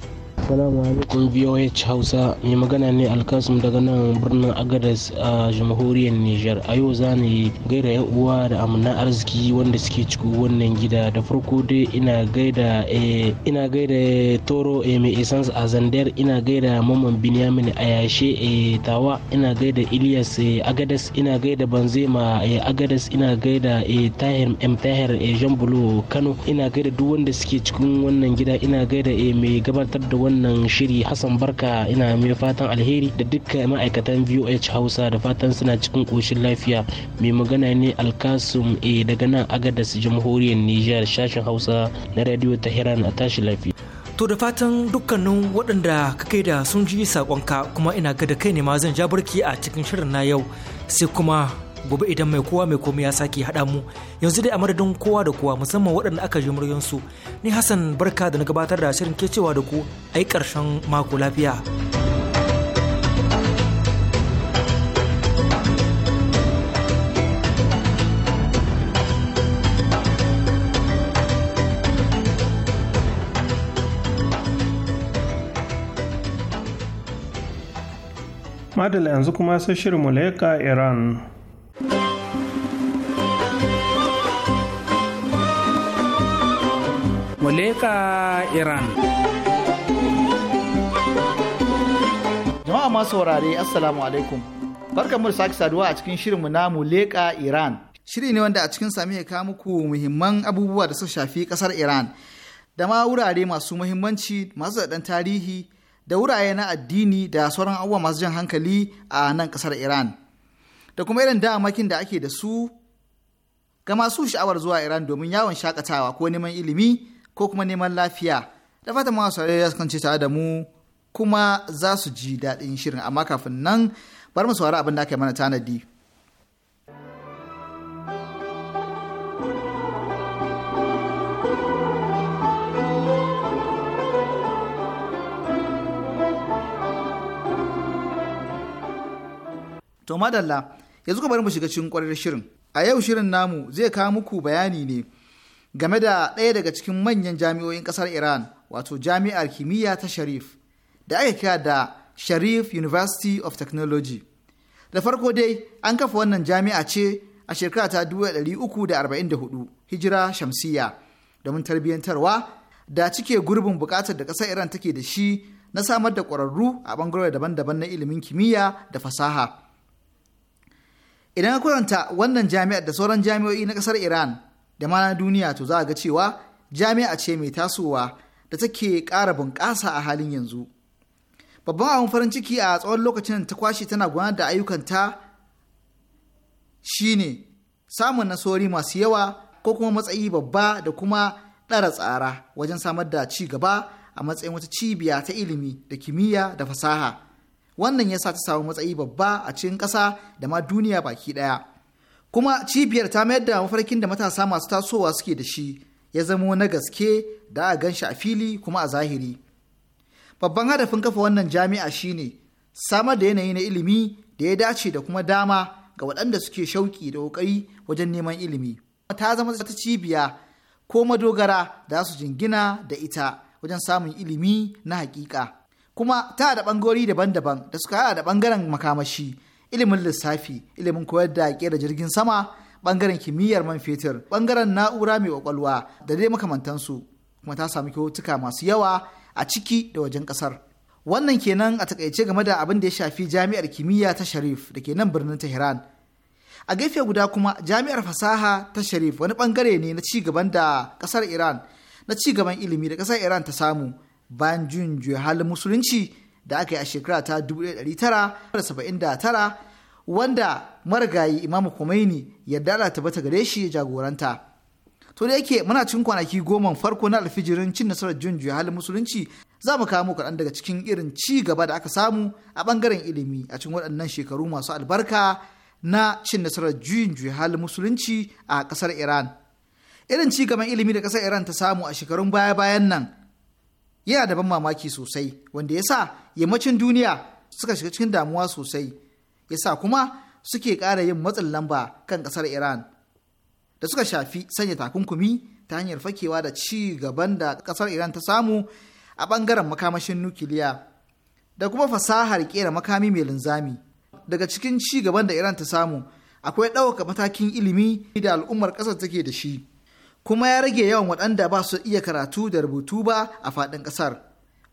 Assalamu alaikum VOH Hausa mai magana ne Alkasum daga nan birnin Agadez a jamhuriyar Nijar. A yau za ni gaida yan uwa da amina arziki wanda suke cikin wannan gida da farko dai ina gaida eh, ina gaida Toro eh, mai essence a Zandar ina gaida Maman Binyamin a yashe eh, Tawa ina gaida Ilyas Agadez ina gaida Banzema Agadez ina gaida Tahir M Tahir Jambulo Kano ina gaida duk wanda suke cikin wannan gida ina gaida mai gabatar da wannan wannan shiri Hassan Barka ina mai fatan alheri da dukkan ma'aikatan VOH Hausa da fatan suna cikin koshin lafiya. Mai magana ne Alkasum E daga nan Agadas Jamhuriyar Nijar shashin Hausa na Radio tahiran a tashi lafiya. To da fatan dukkanin waɗanda ka kai da sun ji saƙonka kuma ina ga da kai ne ma zan ja barki a cikin shirin na yau sai kuma gobe idan mai kowa mai komai ya sake haɗa mu yanzu dai a madadin kowa da kowa musamman waɗanda aka ji muryansu ni hassan barka da na gabatar da shirin ke cewa da ku a yi ƙarshen mako lafiya madala yanzu kuma sai shirin mulayaka iran Muleka Iran. Jama'a masu saurare Assalamu alaikum. Barkan mu da sake saduwa a cikin mu na Muleka Iran. Shiri ne wanda a cikin sami ya kawo muku muhimman abubuwa da suka shafi kasar Iran. Da ma wurare masu muhimmanci masu daɗan tarihi da wurare na addini da sauran abubuwa masu jan hankali a nan kasar Iran. Da kuma irin damakin da ake da su ga masu sha'awar zuwa Iran domin yawon shakatawa ko neman ilimi ko kuma neman lafiya da fata masu saurari su kanci tare da mu kuma za su ji daɗin shirin amma kafin nan bar mu saurari abin da aka yi mana tanadi. To madalla yanzu ka bari mu shiga cikin kwarar shirin. A yau shirin namu zai kawo muku bayani ne game da ɗaya daga cikin manyan jami'o'in ƙasar Iran wato jami'ar kimiyya ta Sharif da aka kira da Sharif University of Technology. Da farko dai an kafa wannan jami'a ce a shekara ta 344 hijira shamsiyya domin tarbiyyantarwa da cike gurbin buƙatar da ƙasar Iran take da shi na samar da ƙwararru a ɓangare daban-daban na ilimin kimiyya da fasaha. Idan ka kuranta wannan jami'ar da sauran jami'o'i na ƙasar Iran da ma na duniya to za a ga cewa jami'a ce mai tasowa da take ƙara bunƙasa a halin yanzu. Babban abin farin ciki a tsawon lokacin ta kwashe tana gudanar da ayyukanta shine samun nasori masu yawa ko kuma matsayi babba da kuma ɗara tsara wajen samar da ci gaba a matsayin wata cibiya ta ilimi da kimiyya da fasaha. Wannan ya sa ta samu matsayi babba a cikin ƙasa da ma duniya baki ɗaya. kuma cibiyar ta mayar da mafarkin da matasa masu tasowa suke da shi ya zamo na gaske da a ganshi a fili kuma a zahiri babban hadafin kafa wannan jami'a shine samar da yanayi na ilimi da ya dace da kuma dama ga waɗanda suke shauki da ƙoƙari wajen neman ilimi ta zama ta cibiya ko madogara da su jingina da ita wajen samun ilimi na hakika kuma ta da ɓangori daban-daban da suka haɗa da bangaren makamashi ilimin lissafi ilimin koyar da da jirgin sama bangaren kimiyyar man fetur bangaren na'ura mai kwakwalwa da dai makamantansu kuma ta sami kyautuka masu yawa a ciki da wajen kasar wannan kenan a takaice game da abin da ya shafi jami'ar kimiyya ta sharif da ke nan birnin tehran a gefe guda kuma jami'ar fasaha ta sharif wani bangare ne na ci gaban da kasar iran na ci gaban ilimi da kasar iran ta samu bayan juyin halin musulunci da aka yi a shekara ta 1979 wanda marigayi imamu Khomeini ya dala ta bata gare shi jagoranta to da yake muna cikin kwanaki goma farko na alfijirin cin nasarar jin juya halin musulunci za mu kamo kaɗan daga cikin irin ci gaba da aka samu a ɓangaren ilimi a cikin waɗannan shekaru masu albarka na cin nasarar juyin juya halin musulunci a ƙasar iran irin ci gaban ilimi da ƙasar iran ta samu a shekarun baya-bayan nan yana da ban mamaki sosai wanda ya sa yammacin duniya suka shiga cikin damuwa sosai ya sa kuma suke ƙara yin matsin lamba kan ƙasar iran da suka shafi sanya takunkumi ta hanyar fakewa da ci gaban da ƙasar iran ta samu a ɓangaren makamashin nukiliya da kuma fasahar ƙera makami mai linzami daga cikin ci gaban da iran ta samu akwai ɗaukaka matakin ilimi da al'ummar ƙasar take da shi kuma ya rage yawan waɗanda ba su iya karatu da rubutu ba a faɗin ƙasar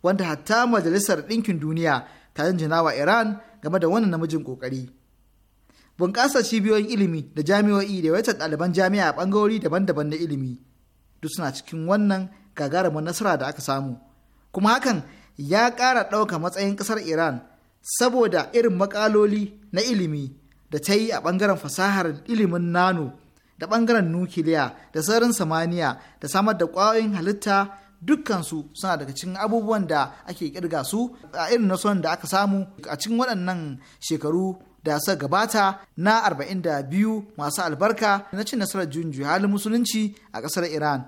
wanda hatta majalisar ɗinkin duniya ta jinjina wa iran game da wannan namijin ƙoƙari bunƙasa cibiyoyin ilimi da jami'o'i da yawaitar ɗaliban jami'a a ɓangarori daban-daban na ilimi duk suna cikin wannan gagarumin nasara da aka samu kuma hakan ya ƙara ɗauka matsayin ƙasar iran saboda irin makaloli na ilimi da ta yi a ɓangaren fasahar ilimin nano da ɓangaren nukiliya da sararin samaniya da samar da ƙwayoyin halitta dukkansu suna daga cikin abubuwan da ake kirga su a irin nasarar da aka samu a cikin waɗannan shekaru da suka gabata na 42 masu albarka na cin nasarar junju halin musulunci a ƙasar iran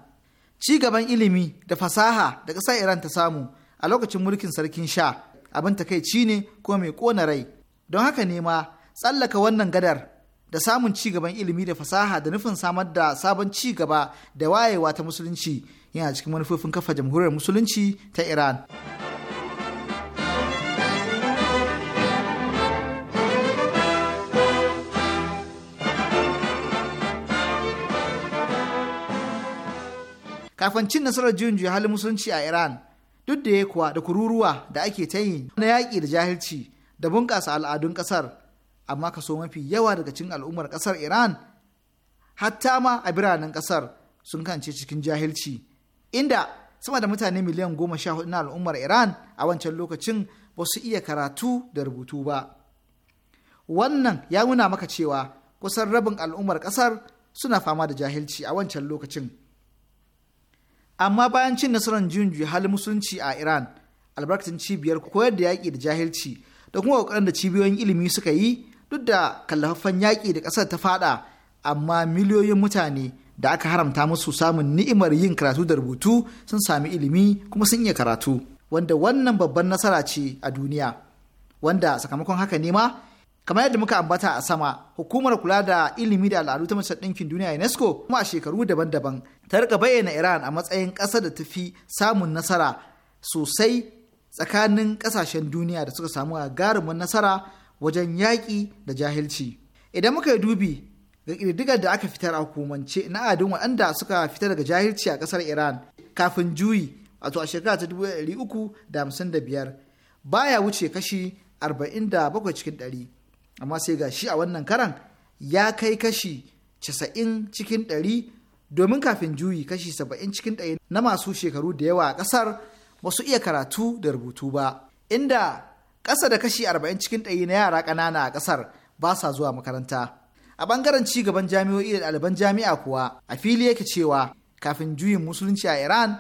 ci gaban ilimi da fasaha da ƙasar iran ta samu a lokacin mulkin sarkin sha abin takaici ne ko mai ƙona rai don haka ne ma tsallaka wannan gadar da samun ci gaban ilimi da fasaha da nufin samar da sabon ci gaba da wayewa ta musulunci yana cikin manufofin kafa jamhuriyar musulunci ta iran kafin cin nasarar juyin juya halin musulunci a iran duk da ya kuwa da kururuwa da ake ta yi na yaƙi da jahilci da bunƙasa al'adun ƙasar amma kaso mafi yawa daga cikin al'ummar ƙasar iran hatta ma a biranen ƙasar sun kance cikin jahilci inda sama da mutane miliyan goma sha hudu na al'ummar iran a wancan lokacin ba su iya karatu da rubutu ba wannan ya nuna maka cewa kusan rabin al'ummar kasar suna fama da jahilci a wancan lokacin amma bayan cin nasarar juyin halin musulunci a iran albarkacin cibiyar koyar da yaƙi da jahilci da kuma ƙoƙarin da cibiyoyin ilimi suka yi duk da kallafaffen yaƙi da ƙasar ta faɗa amma miliyoyin mutane da aka haramta musu samun ni'imar yin karatu da rubutu sun sami ilimi kuma sun iya karatu wanda wannan babban nasara ce a duniya wanda sakamakon haka ne ma kamar yadda muka ambata a sama hukumar kula da ilimi da al'adu ta majalisar ɗinkin duniya unesco kuma a shekaru daban-daban ta rika bayyana iran a matsayin ƙasa da ta fi samun nasara sosai tsakanin ƙasashen duniya da suka samu gagarumin nasara wajen yaƙi da jahilci idan muka yi dubi ga ƙirƙirar da aka fitar a hukumance na adin waɗanda suka fita daga jahilci a ƙasar iran kafin juyi a a shekara ta dubu ɗari uku da hamsin da biyar baya wuce kashi arba'in da bakwai cikin ɗari amma sai ga shi a wannan karan ya kai kashi casa'in cikin ɗari domin kafin juyi kashi saba'in cikin ɗari na masu shekaru da yawa a ƙasar ba su iya karatu da rubutu ba inda ƙasa da kashi arba'in cikin ɗari na yara ƙanana a ƙasar ba sa zuwa makaranta. A ɓangaren ci gaban jami'o'i da ɗaliban jami'a kuwa a fili yake cewa kafin juyin musulunci a Iran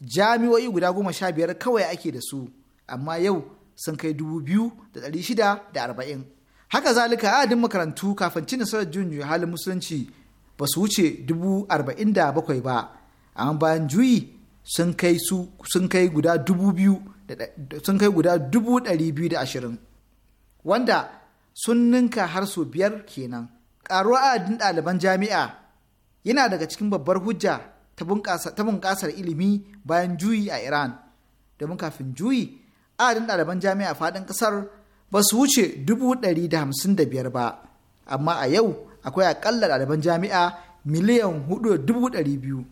jami'o'i guda goma sha biyar kawai ake da su amma yau sun kai dubu biyu da ɗari shida da arba'in. Haka zalika adadin makarantu kafin cin nasarar juyin halin musulunci ba su wuce dubu arba'in da bakwai ba amma bayan juyi sun kai guda dubu biyu sun kai guda dubu ɗari biyu da ashirin wanda sun ninka har sau biyar kenan ƙaruwar adadin ɗaliban jami'a yana daga cikin babbar hujja ta bunƙasar ilimi bayan juyi a iran domin kafin juyi adadin ɗaliban jami'a faɗin ƙasar ba su wuce dubu ɗari da hamsin da biyar ba amma a yau akwai aƙalla ɗaliban jami'a miliyan hudu dubu ɗari biyu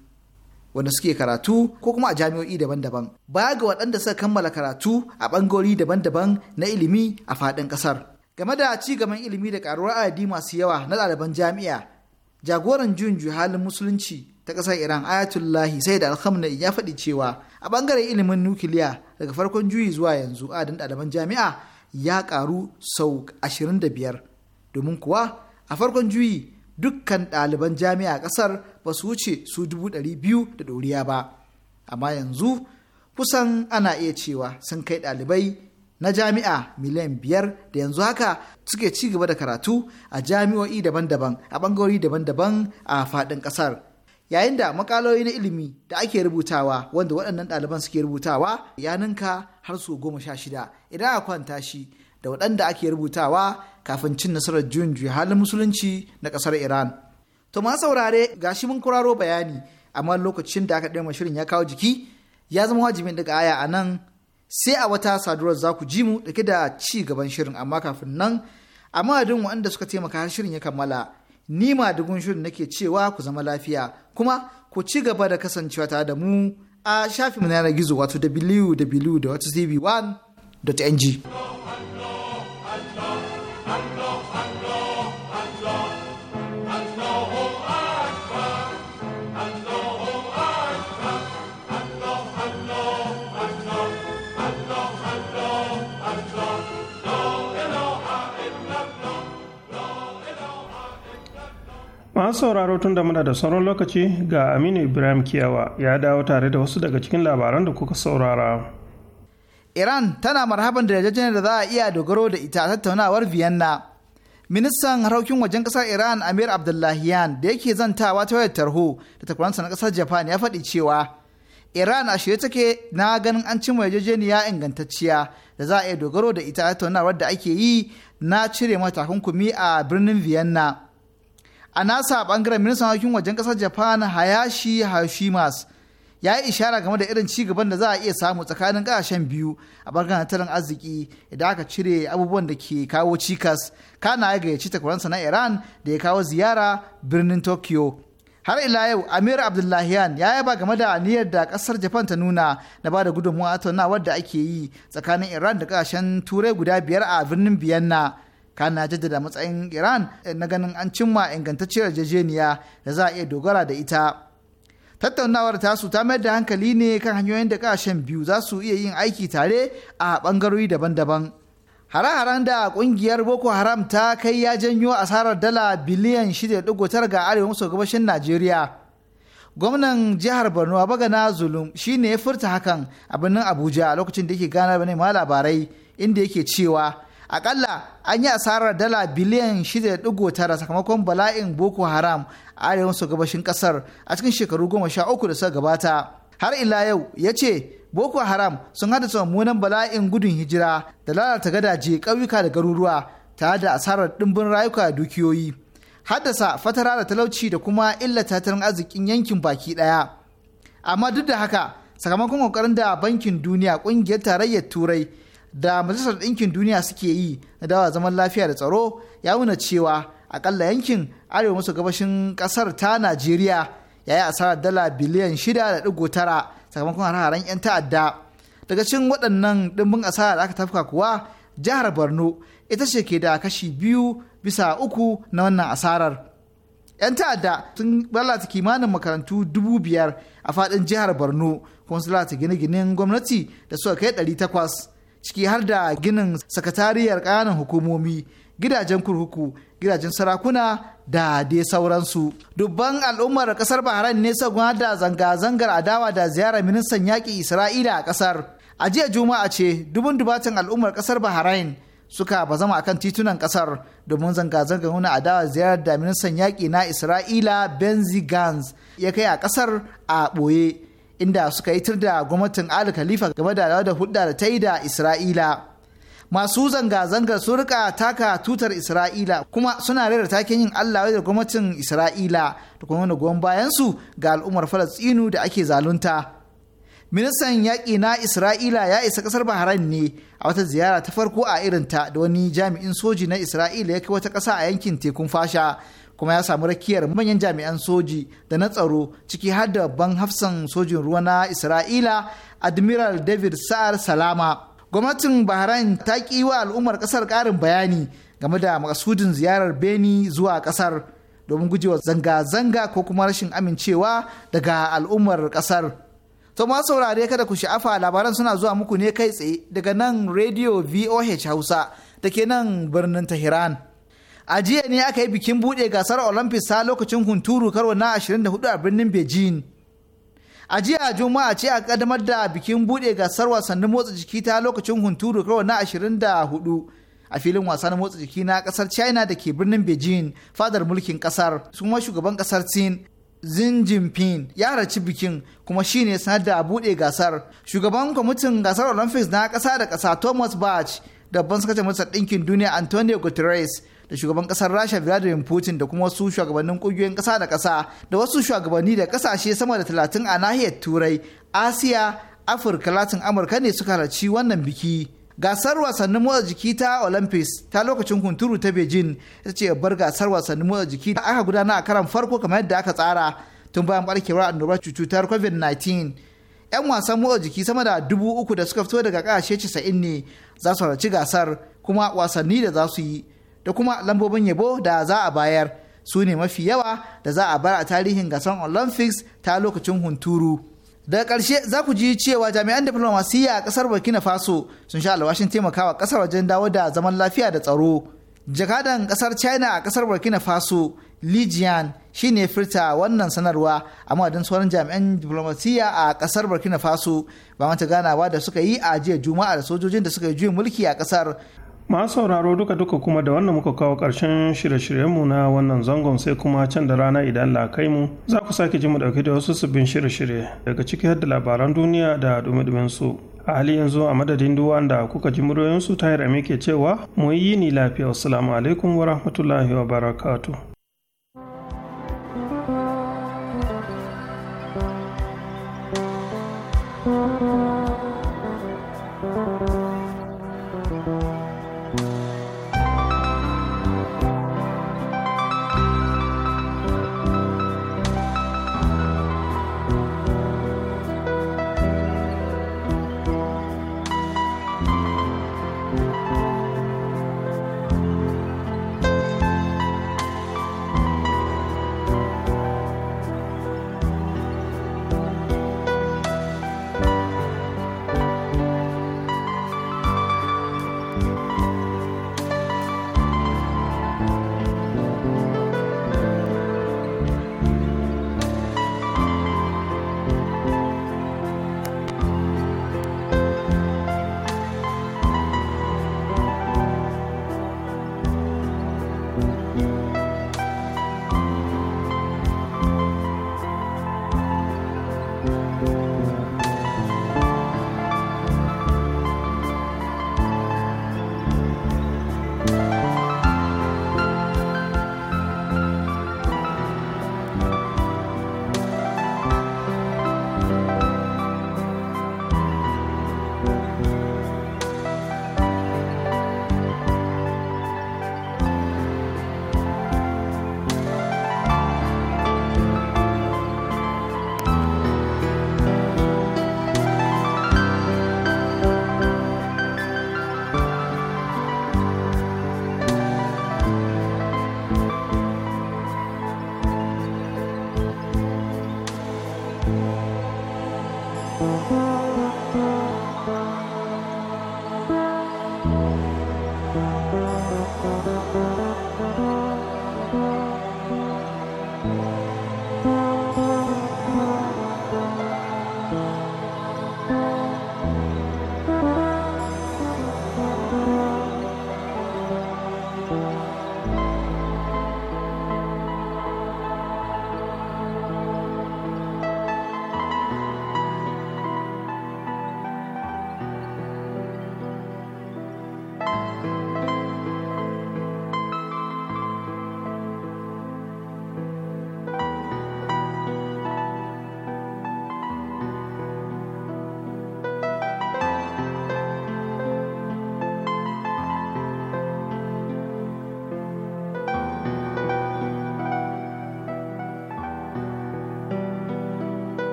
wanda suke karatu ko kuma a jami'o'i daban-daban baya ga waɗanda suka kammala karatu a ɓangarori daban-daban na ilimi a faɗin ƙasar game da ci gaban ilimi da ƙaruwar adadi masu yawa na ɗaliban jami'a jagoran juyin halin musulunci ta ƙasar iran ayatullahi sai da alhamna ya faɗi cewa a ɓangaren ilimin nukiliya daga farkon juyi zuwa yanzu adadin ɗaliban jami'a ya ƙaru sau 25 domin kuwa a farkon juyi dukkan ɗaliban jami'a ƙasar ba su wuce su dubu ɗari biyu da ɗoriya ba amma yanzu kusan ana iya cewa sun kai ɗalibai na jami'a miliyan biyar da yanzu haka suke ci gaba da karatu a jami'o'i daban-daban a ɓangarori daban-daban a faɗin ƙasar yayin da makaloli na ilimi da ake rubutawa wanda waɗannan ɗaliban suke rubutawa ya ninka har su goma sha shida idan a kwanta shi da waɗanda ake rubutawa kafin cin nasarar juyin juya halin musulunci na ƙasar Iran. To ma saurare gashi mun kuraro bayani amma lokacin da aka ɗaya shirin ya kawo jiki ya zama wajibi daga aya a nan sai a wata saduwar za ku ji mu dake da ci gaban shirin amma kafin nan a madadin waɗanda suka taimaka har shirin ya kammala ni ma dugun shirin nake cewa ku zama lafiya kuma ku ci gaba da kasancewa tare da mu a shafin na yanar gizo wato www.tv1.ng. masu sauraro tun da muna da sauran lokaci ga aminu ibrahim kiyawa ya dawo tare da wasu daga cikin labaran da kuka saurara iran tana marhaban da yarjejeniyar da za a iya dogaro da ita a tattaunawar vienna ministan harkokin wajen kasar iran amir abdullahiyan da yake zantawa ta wayar tarho da takwaransa na kasar japan ya faɗi cewa iran a shirye take na ganin an cimma yarjejeniya ingantacciya da za a iya dogaro da ita a tattaunawar da ake yi na cire mata takunkumi a birnin vienna a nasa bangaren ministan harkokin wajen kasar japan hayashi hashimas ya yi ishara game da irin cigaban da za a iya samu tsakanin kasashen biyu a bangaren tattalin arziki idan aka cire abubuwan da ke kawo cikas kana ya gayyaci takwaransa na iran da ya kawo ziyara birnin tokyo har ila yau amir abdullahian ya yaba game da aniyar da kasar japan ta nuna na ba da gudunmuwa tattaunawar da ake yi tsakanin iran da kasashen turai guda biyar a birnin biyanna kana jaddada matsayin iran eh, na ganin an cimma ingantacciyar yarjejeniya da za a iya dogara da ita tattaunawar tasu ta mayar da hankali ne kan hanyoyin da kasashen biyu za su iya yin aiki tare a bangarori daban-daban hare-haren da kungiyar boko haram ta kai ya janyo asarar dala biliyan 6.9 ga arewa maso gabashin najeriya gwamnan jihar borno bagana zulum shine ya furta hakan a birnin abuja lokacin da yake ganar ma labarai inda yake cewa akalla an yi asarar dala biliyan 6.9 sakamakon bala'in boko haram a arewa maso gabashin kasar a cikin shekaru goma sha uku da suka gabata har ila yau ya ce boko haram sun haddasa mummunan bala'in gudun hijira da lalata gadaje ƙauyuka da garuruwa tare da asarar ɗimbin rayuka da dukiyoyi haddasa fatara da talauci da kuma illa tattalin arzikin yankin baki ɗaya amma duk da haka sakamakon kokarin da bankin duniya ƙungiyar tarayyar turai da majalisar ɗinkin duniya suke yi na dawa zaman lafiya da tsaro ya nuna cewa akalla yankin arewa maso gabashin ƙasar ta najeriya ya yi asarar dala biliyan shida da ɗigo tara sakamakon hare-haren 'yan ta'adda daga cikin waɗannan ɗimbin asara da aka tafka kuwa jihar borno ita ce ke da kashi biyu bisa uku na wannan asarar 'yan ta'adda sun lalata kimanin makarantu dubu biyar a faɗin jihar borno kuma su lalata gine-ginen gwamnati da suka kai ɗari takwas ciki har da ginin sakatariyar ƙananan hukumomi gidajen kurkuku gidajen sarakuna da dai sauransu dubban al'ummar kasar bahrain ne sagwa da zanga-zangar adawa da ziyarar ministan yaƙi isra'ila a kasar a jiya juma'a ce dubun dubatan al'ummar kasar bahrain suka bazama akan titunan kasar domin zanga-zangar nuna adawa ziyarar da ministan yaƙi na isra'ila benzi gans ya kai a kasar a ɓoye inda suka yi da gwamnatin Ali Khalifa game da da hudda da ta yi da Isra'ila. Masu zanga-zangar sun rika taka tutar Isra'ila kuma suna rera taken yin Allah da gwamnatin Isra'ila da kuma wani goyon bayansu ga al'ummar Falastinu da ake zalunta. Ministan yaƙi na Isra'ila ya isa ƙasar Bahrain ne a wata ziyara ta farko a irin ta. da wani jami'in soji na Isra'ila ya kai wata ƙasa a yankin tekun fasha. kuma ya samu rakiyar manyan jami'an soji da na tsaro ciki har da babban hafsan sojin ruwa na isra'ila admiral david sa'ar salama gwamnatin bahrain ta ki wa al'ummar kasar karin bayani game da makasudin ziyarar beni zuwa kasar domin gujewa zanga-zanga ko kuma rashin amincewa daga al'ummar kasar. to ma saurare kada ku sha'afa labaran suna zuwa muku ne kai tsaye daga nan radio voh hausa da ke nan birnin tehran a jiya ne aka yi bikin buɗe gasar olympics ta lokacin hunturu karo na 24 a birnin beijing a jiya juma'a ce a kaddamar da bikin buɗe gasar wasannin motsa jiki ta lokacin hunturu karo na 24 a filin wasan motsa jiki na kasar china da ke birnin beijing fadar mulkin kasar kuma shugaban kasar sin Xi Jinping ya raci bikin kuma shine sanar da buɗe gasar. Shugaban kwamitin gasar Olympics na kasa da kasa Thomas Bach da ban sakataren Majalisar Ɗinkin Duniya Antonio Guterres da shugaban kasar rasha vladimir putin da kuma wasu shugabannin kungiyoyin kasa da kasa da wasu shugabanni da kasashe sama da talatin a nahiyar turai asiya afirka latin amurka ne suka halarci wannan biki gasar wasannin motsa jiki ta olympics ta lokacin hunturu ta beijing ita ce babbar gasar wasannin motsa jiki da aka gudana a karan farko kamar yadda aka tsara tun bayan barkewar annobar cutar covid-19 'yan wasan motsa jiki sama da dubu uku da suka fito daga kasashe 90 ne za su halarci gasar kuma wasanni da za su yi da kuma lambobin yabo da za a bayar su ne mafi yawa da za a bar a tarihin gasar olympics ta lokacin hunturu daga ƙarshe za ku ji cewa jami'an diflomasiyya a ƙasar burkina faso sun sha alwashin taimakawa ƙasar wajen dawo da zaman lafiya da tsaro jakadan ƙasar china a ƙasar burkina faso lijian shi ne firta wannan sanarwa a madadin sauran jami'an diflomasiyya a ƙasar burkina faso ba mata ganawa da suka yi a jiya juma'a da sojojin da suka yi juyin mulki a ƙasar masu sauraro duka duka kuma da wannan muka kawo ƙarshen shirye-shiryenmu na wannan zangon sai kuma can da rana idan lakai mu za ku sake ji mu ɗauki da wasu sabbin shirye-shirye daga ciki har da labaran duniya da dumi su a hali yanzu a madadin duwanda wanda kuka ji muryoyinsu ta yi ke cewa mu yi ni lafiya wasu alaikum wa rahmatullahi wa barakatuh